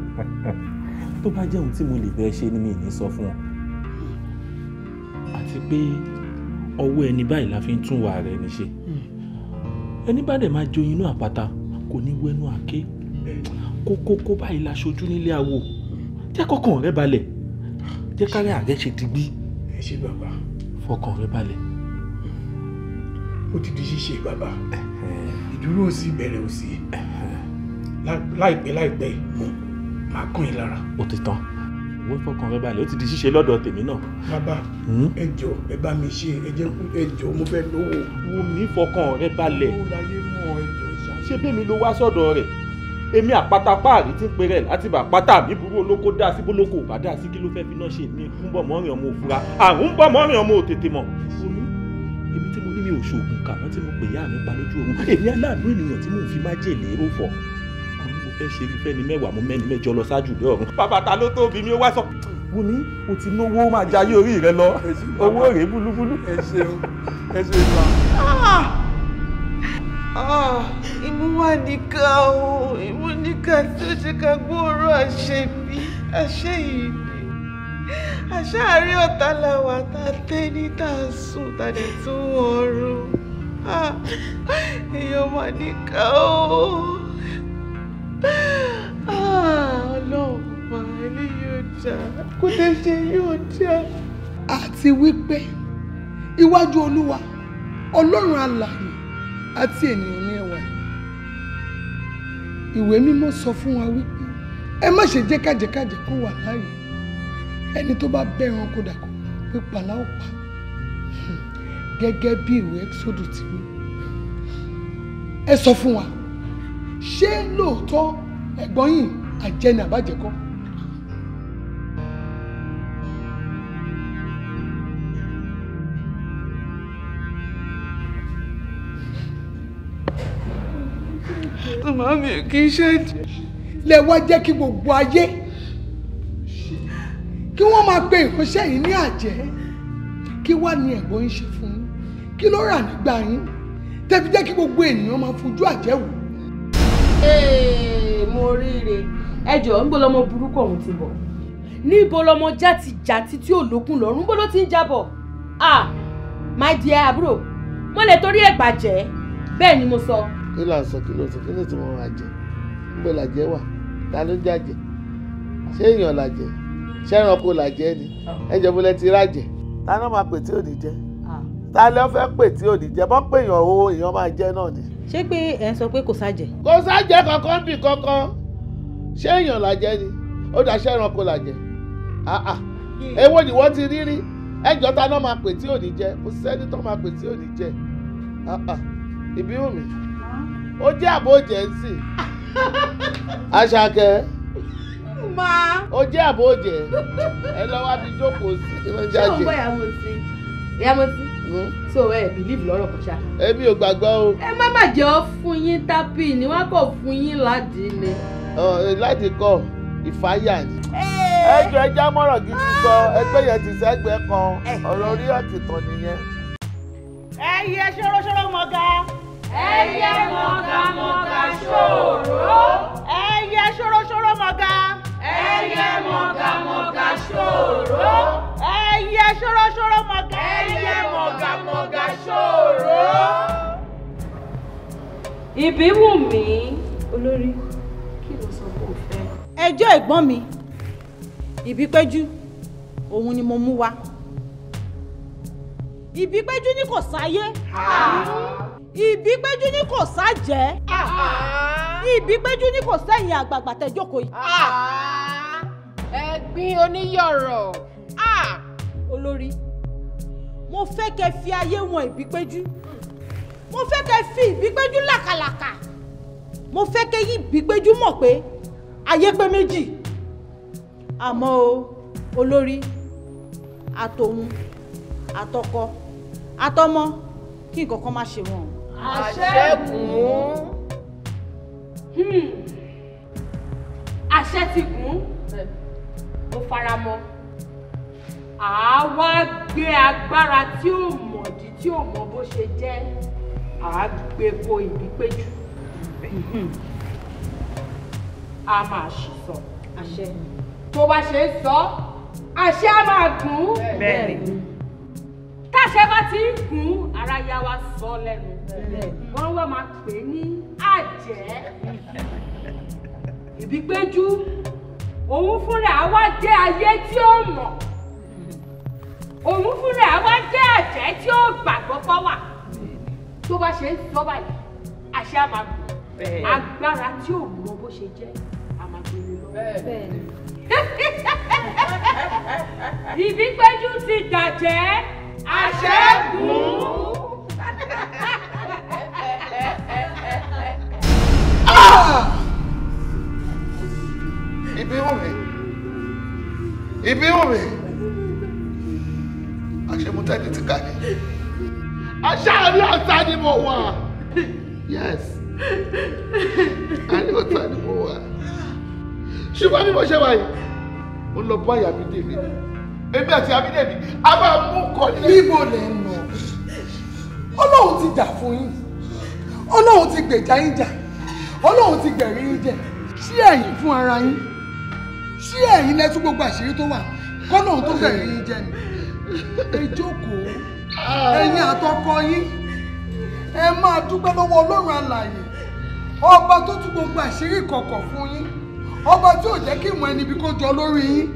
S1: tó bá
S8: jẹ́ ohun tí mo lè bẹ́ẹ̀ ṣe ni mi ò ní sọ fún ọ àti pé ọwọ́ ẹni báyìí la fi ń tún wà rẹ̀ ní ṣe hmm. ẹni bá dẹ̀ máa jó inú àpáta kò ní wẹ́nu àké kókókó báyìí la ṣojú nílé awo jẹ́ kọ́kàn rẹ balẹ̀ jẹ́ kárẹ́ àrẹ ṣe ti gbí ẹ ṣe bàbá. fọkàn rẹ balẹ̀. ó ti di ṣíṣe bàbá ìdúró ò sí bẹ̀rẹ̀ ò sí láìpẹ́ láìpẹ́ mo máa kún yín lára. ó ti tán wọ́n fọkàn rẹ balẹ̀ ó ti di ṣíṣe lọ́dọ̀ tèmi náà. bàbá hmm? ẹ jọ ẹ bá mi ṣe ẹ jẹ kú ẹ jọ mo fẹ́ lówó. wo mi fọkàn rẹ balẹ̀ ṣé bẹ́ẹ̀ mi ló wá sọ́dọ̀ rẹ̀ èmi àpáta páàrí tí ń pe rẹ̀ láti bà pátá mi burú olóko dá sí bólóko bá dá sí kí ló fẹ́ fi náà ṣe ní ń bọ̀ mọ́rin ọmọ òfura àrùn ń bọ̀ mọ́rin ọmọ òtètè mọ̀. omi èmi tí mo ní mi ò ṣoògùn kàmọ́ tí mo pè yá mi pa lójú oorun èmi aláàánú ènìyàn tí mò ń fi má jẹ́ ìlérò fọ̀ àwọn mo fẹ́ ṣe irúfẹ́ ni mẹ́wàá mo mẹ́ni mẹ́jọ lọ ṣáájú ìdẹ́ ọ̀run. bàbá ta ló tóbi mi ó wá sọ. wùmí o ti náwó máa jayé orí rẹ lọ owó rèé búlúbúlú. ẹ
S3: ṣeun ẹ Ah, imú wà níkà o imú níkà tí ó ṣe ká gbóòórùn àṣẹ bí àṣẹ yìí ni àṣẹ àárín ọ̀tá làwà tá a tẹ́ ní tá a sùn tá a dẹ̀ tún ọrùn ah, èèyàn mà níkà o ah, ọlọ́run mà eléyìí ò dáa kó dé ṣe yóò dáa. àti wípé iwájú olúwa ọlọ́run alààyè àti ènìyàn ní ẹwà ìwé mímọ́ sọ fún wa wípé ẹ má ṣe jẹ́ kájẹkájẹ kó wà láàyè ẹni tó bá bẹ́ ẹranko dàkọ pé pàlà ó pa gẹ́gẹ́ bí ìwé Exodus ti wí ẹ sọ fún wa ṣé lóòótọ́ ẹ̀gbọ́n yìí àjẹni àbájẹ́kọ́. màmá mi kì í ṣẹ̀jẹ̀. lẹ wá jẹ́ kí gbogbo ayé kí wọ́n máa pe ìránṣẹ́ yìí ní àjẹ́ kí wá ní ẹ̀gbọ́n ń ṣe fún yín
S5: kí ló rà nígbà yín tẹ́fi jẹ́ kí gbogbo ènìyàn máa fojú àjẹ́ wò. mo ríire ẹ jọ̀ọ́ níbo lọmọ burúkú ọ̀hún ti bọ̀ níbo lọmọ játijàti tí ò lókun lọ́rùn níbo ló ti ń jábọ̀ ah my dear àbúrò mo lè torí ẹ̀ bàjẹ́ bẹ́ẹ̀ ni mo sọ. So
S3: kí là ń sọ kí ló sọ kí ló ti mọ àjẹ níbo làjẹ wà ta ló jàjẹ ṣé èèyàn làjẹ ṣé ẹranko làjẹ ni ah. ẹjẹ bó lẹ ti rájẹ ta náà máa pè tí ò ní jẹ ah. ta ló fẹ́ pè tí ò ní jẹ bọ́ pé èèyàn owó èèyàn máa jẹ náà ni.
S5: ṣé pé ẹ ń sọ pé kò sájẹ.
S3: kò sájẹ kankan bì kankan ṣé èèyàn làjẹ ni ó dà ṣé ẹranko làjẹ ah, èwo ni wọ́n ti rí rí ẹjọ́ ta náà máa pè tí ò ní jẹ kò sẹ́ni tó máa pè tí ò ní jẹ ìbí wù mí ó jẹ́ àbò jẹ́ǹsì Àṣàkẹ́ ó jẹ́ àbò jẹ́ ẹ lọ wá bí jókòó sí i ló ń jáde. ṣé o ń bọ̀ ìyàwó sí ìyàwó sí so ẹ bìlíìfù lọ́rọ̀ kan ṣá. èmi ò gbàgbọ́ o. ẹ má má jẹ́ ọ fún yín tápì ni wọ́n kò fún yín ládìí ni. láti kọ ìfáyà ni eh. ẹjọ ẹjá mọ̀rọ̀ gidi sọ ah. ẹgbẹ́ yẹn ti sẹ́gbẹ́ kan eh. ọ̀rọ̀ orí ọ̀tìtàn nìyẹn.
S5: ẹ yẹ ṣòroṣòro mọ̀gá
S7: ẹyẹ mọ̀gàmọ̀gà ṣòro.
S5: ẹyẹ ṣóróṣóró mọ̀gà. ẹyẹ mọ̀gàmọ̀gà ṣòro. ẹyẹ ṣóróṣóró mọ̀gà. ẹyẹ mọ̀gàmọ̀gà ṣòro. ìbí wù mí olórí
S7: kí ló sọ pé o fẹ́.
S5: ẹjọ́ ẹ̀gbọ́n mi ìbípẹ́jú òun ni mo mú wá ìbípẹ́jú ní kò sáyé. Ah ìbípéjú ni kò sájẹ́ ah, ah. ìbípéjú ni kò sẹ́yìn àgbààgbà tẹ́jókòó yìí. Ah, ẹ̀gbin oníyọ̀rọ̀. olórí mo fẹ́ kẹ́ fi ayé wọn ìbípéjú mo fẹ́ kẹ́ fi ìbípéjú làkàlàkà mo fẹ́ kẹ́ yí ìbípéjú mọ̀ pé ayé pé méjì àmọ́ o olórí àtòun àtọkọ àtọmọ kí nǹkan kan má ṣe wọn o
S7: àṣẹ́gun.
S5: Hmm. àṣẹ ti gùn mo fara mọ́ àá wá gbé agbára tí ò mọ̀dí tí ò mọ bó ṣe jẹ́ àá gbé bo ìbí péjú hmm. a máa ṣì sọ àṣẹ tó bá ṣe ń sọ àṣẹ a máa gùn táṣẹ bá ti ń gùn ara yá wa sọ lẹ́nu wọ́n wá máa pè é ní àjẹ́ ìbígbéjú òun fúnra wa jẹ́ ayé tí ó mọ̀ òun fúnra wa jẹ́ àjẹ́ tí ó gbàgbọ́ pọ́ wà tó bá ṣe ń sọ báyìí àṣẹ àmàgbọ́ agbára tí ò mọ bó ṣe jẹ́ àmàgbọ́ ni lọ́wọ́ ìbígbẹ́jú ti dàjẹ́ àṣẹ́gun.
S3: Ah! Ibi hàn mí. Ibi hàn mí. Àṣemutẹ́ni ti kà ní. Àṣà àrí ọ̀tá ni mo wà. Yes. Àrí ọ̀tá ni mo wà. Ṣùgbọ́n bí mo ṣe wà yìí, mo lọ bọ́ àyà mi dèbí. Èmi àti Abídèmí, a máa mú kọ́ ní. Bíbo lẹ́ ń lọ. Ọlọ́run ti dà fún yín ọlọ́run ti gbèjà yín jà ọlọ́run ti gbẹ̀rí yín jẹ sí ẹ̀yìn fún ara yín sí ẹ̀yìn lẹ́tú gbogbo àṣírí tó wà kọ́lọ́run tó gbẹ̀rí yín jẹ ni ẹ jókòó ẹ̀yin àtọkọ yín ẹ máa dúpẹ́ lọ́wọ́ ọlọ́run alààyè ọba tó tú gbogbo àṣírí kọ̀kọ̀ fún yín ọba tí ò jẹ́ kí ìmọ̀ ẹni ibi kó jọ lórí yín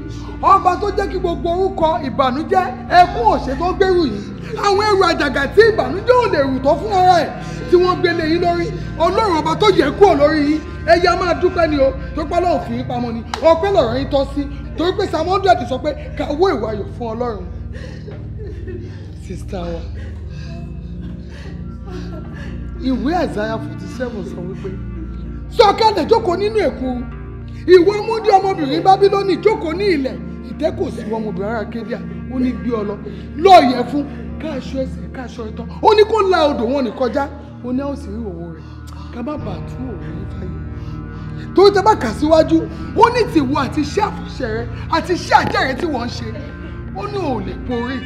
S3: ọba tó jẹ́ kí gbogbo orúkọ ìbànújẹ́ ẹkún òṣè tó gbèrú yìí àwọn ẹrù àjàgà tí ìbànújẹ́ ò lè rù tó fún ara ẹ̀ tí wọ́n gbélé yín lórí ọlọ́run ọba tó yẹ kúrò lórí yín ẹyẹ a máa dúpẹ́ ni o tó pẹ́ lọ́run fi yín pamọ́ ni ọpẹ́ lọ́rọ̀ yín tọ́ sí torí pé Psalm hundred sọ pé ká wó ìwà ayọ̀ fún ọlọ́run sista wa ìwé Àìsáyà forty seven sọ wípé sọ̀kalẹ̀ jókòó nínú èkó ìwọ múndí ọmọbìnrin Bábílónì jókòó ní ilẹ̀ ìtẹ́kọ̀sí ọmọbìnrin ará Kédíà ó ní gbé ọ lọ lọ́ọ̀yẹ̀ fún káàṣọ ẹsẹ̀ káàṣọ ìtàn ó ní kó la odò wọn ní kọjá o ní àwọn òsèré òwò rẹ̀ ká má bàa tú òwò yín fáyé torí tẹ bá kà síwájú ó ní tìwọ àti iṣẹ́ àfọ̀ṣẹ rẹ àti iṣẹ́ àjẹrẹ tí wọ́n ń ṣe ó ní òun lè borí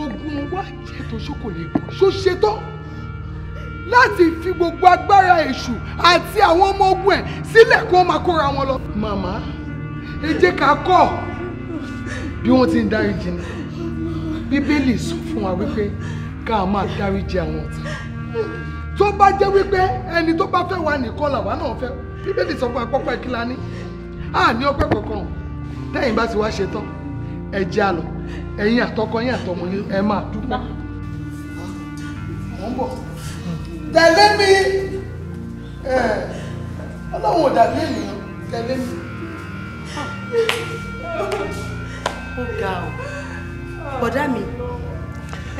S3: ogun owó àjẹtò ṣókò lè bọ̀ ṣó ṣe tán láti fi gbogbo agbára èṣù àti àwọn ọmọ ogun ẹ̀ sílẹ̀ kí wọ́n máa kóra wọn lọ. màmá ẹ jẹ́ ká kọ́ bí wọ́n ti ń dáríjì ni bíbélì sọ fún wa wípé ká máa dáríjì àwọn ọ̀tá tó bá jẹ́ wípé ẹni tó bá fẹ́ wa nìkan làwa náà fẹ́ bíbélì sọ fún apọ́pọ́ ẹ̀kí la ní a ní ọpẹ́ kankan tẹ́yìn bá ti wá ṣe tán ẹ jẹ́ àlọ́ ẹ̀yin àtọkọ yín àtọmọ yín ẹ máa dúpọ́. wọ́n bọ̀ tẹ̀lé mi
S5: ọlọ́run ò dàbí
S3: ènìyàn tẹ̀lé mi.
S5: ó ga ọ bọ̀dá mi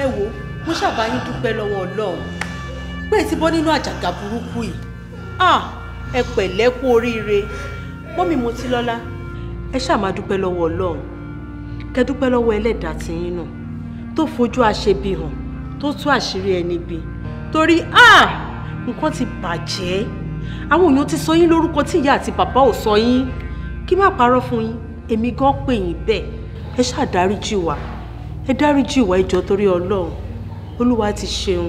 S5: ẹ wo mo ṣàbáyé dúpẹ́ lọ́wọ́ ọlọ́run pé ti bọ́ nínú àjàgà burúkú yìí ah, ẹ pẹ̀lẹ́ kú oríire mọ́mí mo ti lọ́lá ẹ ṣáà máa dúpẹ́ lọ́wọ́ ọlọ́run kẹ́dúpẹ́ lọ́wọ́ ẹlẹ́dàá tiyín náà tó fojú àṣebi hàn tó tú àṣírí ẹni bí torí ah, nǹkan ti bàjẹ́ àwọn èèyàn ti sọ yín lórúkọ tí ìyá àti bàbá ò sọ yín kí má parọ́ fún yín èmi gan pè yín bẹ́ẹ̀ ẹ ṣáà dáríjì wá ẹ dáríjì wá ìjọ torí ọlọ́run olúwa ti ṣeun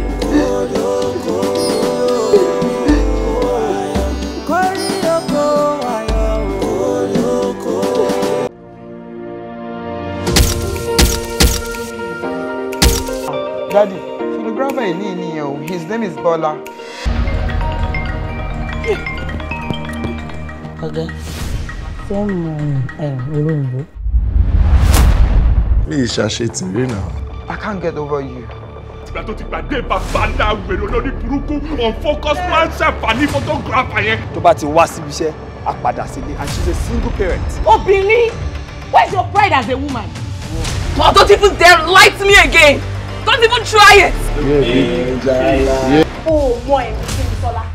S3: Bọ́lá.
S1: ọ̀gá ṣé mo olóńgbò.
S3: mi ì ṣàṣetì rí náà.
S8: I can't get over you. ìgbà tó ti gbàdé bàbá náà wèrè olórí
S6: burúkú unfocused man ṣàǹfààní photographer yẹn. tó bá ti wá síbi iṣẹ́ a padà
S2: sílé and she's a single parent. obìnrin where's your pride as a woman. Oh, don't even dare lie to me again. Don't even try it.
S4: Yeah, yeah, yeah.
S2: 不，
S5: 莫硬你说了。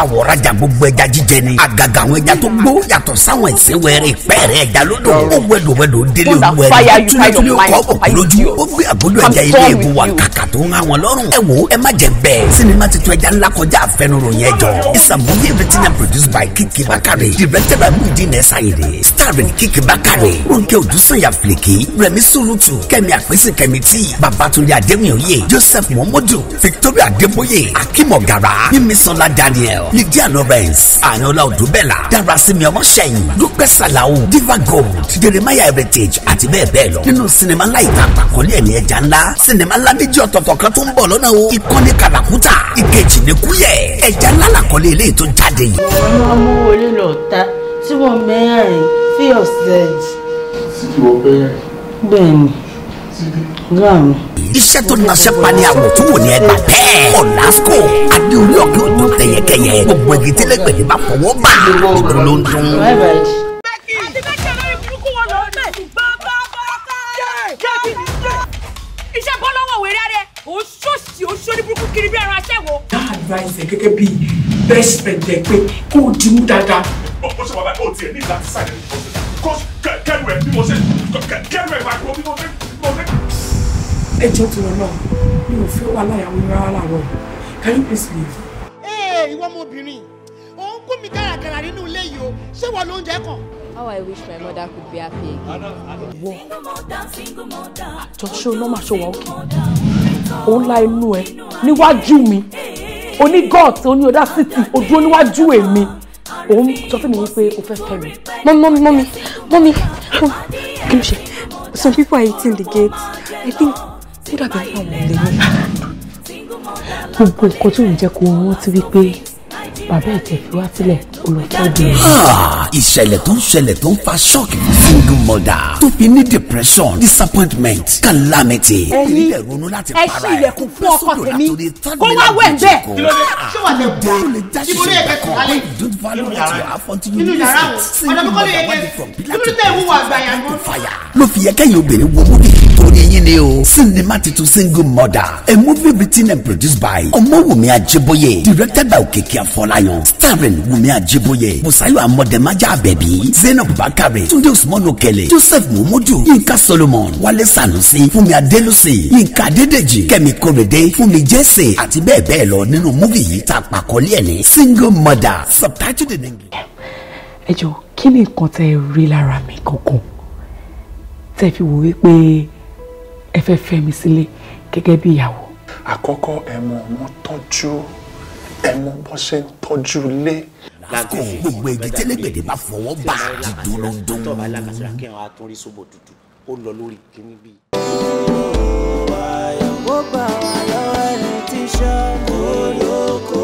S4: fàwọ̀rajà gbogbo ẹja jíjẹ ni àgàgà àwọn ẹja tó gbó yàtọ̀ sáwọn ẹ̀sìn wẹ̀rẹ̀ ìpẹ́ẹ̀rẹ̀ ẹja lódò ó wẹ̀dọ̀wẹ̀dọ̀ délé olúwẹ̀rẹ̀ túnitúni kọ́ ọ̀pọ̀ lójú ó gbé àgọ́dọ̀ ẹja ilé ìbò wà kàkà tó ń há lọ́rùn ẹ wò ẹ má jẹ bẹ́ẹ̀ sinimá ti tu ẹja ńlá kọjá àfẹnuròyìn ẹjọ isabuye written Victoria Adébóyè Akim Ogara Mímísọ́lá Daniel Lydia Lawrence Àyànlá Odúbẹ̀là Dárasími Ọmọ́ṣẹ́yìn Dúpẹ́ Sàlàó Diva Gold Jeremiah Heritage àti bẹ́ẹ̀ bẹ́ẹ̀ lọ. Nínú sinimá ńlá ìta àpàkọ́lé ẹ̀mí ẹja ńlá sinimá ńlá méjì ọ̀tọ̀ọ̀tọ̀ kan tó ń bọ̀
S5: lọ́nà o ìkọ́ni
S4: kàràkútà ìkejì ní kúyẹ̀ ẹja ńlá làkọ́lé eléyìí tó jáde yìí.
S5: Àwọn ọmọ wọlé lọ ta tí wọ́n mẹ́rin fi ọ̀sẹ̀.
S1: Bẹ́ẹ̀ni iṣẹ́ tó nasẹ́ pani àwọ̀ tó
S4: wò ní ẹgbà bẹ́ẹ̀ ọ̀làfkò adéorí ọ̀kẹ́ òjò tẹ̀yẹkẹ̀yẹ gbogbo ẹ̀gì tẹ́lẹ̀gbẹ̀lẹ̀ bá fọwọ́ bá ìdúró ló ń dún.
S5: iṣẹ́ bọ́ lọ́wọ́ wẹ̀rẹ́ rẹ̀ ò ń ṣòṣì ò ń ṣorí burúkú kiri bí ẹran aṣẹ́wó. dáhà
S8: advice gẹ́gẹ́ bíi best friend ẹ pé kó o dì mú dáadáa. ó ṣe wà báyìí ó tiẹ̀ ní ìlànà sáyẹn ìfọ̀sẹ̀ kẹ́rù ẹ̀ bí mo ṣe kẹ́rù ẹ̀ bá gbọ́ bí mo ṣe
S3: ẹ jẹ́ tó lọ náà mi ò fẹ́ wà láyàwó rárá làárọ̀ can you please leave.
S2: ee eh, ìwọ ọmọbìnrin òun kún mi gàràgàrà nínú ilé yìí o ṣé wọn ló ń jẹ kàn. How I wish my mother could be happy again. Wọ́ àjọṣe oná máa ṣe
S5: wà òkè. Ó ń la inú ẹ níwájú mi. Oní gọ́ọ̀tì oní ọ̀dà city ojú oníwájú èmi. Òun sọ fún mi wípé o fẹ́ fẹ́ mi. Mọ́mí mọ́mí mọ́mí mọ́mí kí ló ṣe? Some people are eating the gate. I think ó dàbí fún àwọn ọmọ ilé mi. Gbogbo nǹkan tó ń jẹ́ kó rántí wípé bàbá ẹ̀ tẹ̀ fi wá sílẹ̀ olùtọ́jú.
S4: ìṣẹ̀lẹ̀ tó ń ṣẹlẹ̀ tó ń fa ṣọ́ọ̀kì single mother tó fi ní depression disappointment calamity. ẹyin ẹ ṣí ilẹ̀kùn fún ọkọ tèmi kó wá wẹ̀ bẹ́ẹ̀. ṣé wàá lè bọ́ ibo ní ẹgbẹ́ kan alẹ́ nínú yàrá wo ọ̀dọ̀ mi lè yẹ kẹ́
S2: kí ló dé ìwúwo àgbà yàgbọ́.
S4: ló fi yẹ kẹ́yìn obìnrin wo wọlé nìyí ni o sinima titun single mother a movie written and produced by ọmọwùmí Ajiboye, directed by òkèké afọláyàn starring wùmí ajíbóyè bùsáyọ̀ amọ̀dẹ̀májà àbẹ̀bí zainab bakare túndé usman okele joseph muhammadu yinka solomon wálé sanusi fúnmi adélùsì yinka adédèjì kẹ́mi kórèdé fúnmi jẹ́sẹ̀ àti bẹ́ẹ̀ bẹ́ẹ̀ lọ nínú múvì yìí tá pàkọ́lé ẹ̀ ní single mother
S5: subtitled in english. ẹ jọ kí ni nǹkan tẹ rí lára mi gangan
S3: tẹ fi wò wípé ẹ fẹ́ fẹ́ mi sílé gẹ́gẹ́ bí ìyàwó.
S9: àkọ́kọ́ ẹ mọ wọn tọ́jú ẹ mọ bó ṣe ń tọ́jú ilé. lásìkò gbogbo igi tẹ́lẹ̀gbẹ̀dẹ̀ bá fọwọ́ bá dídùn lọ́dún. tọ́ba alákàtúrà
S4: kí wọn á tún rí sóbò dúdú
S1: ó lọ lórí kíní bí.
S7: ó bá wa lọ́wọ́ ẹni tí sọ́ọ́ kó lóko.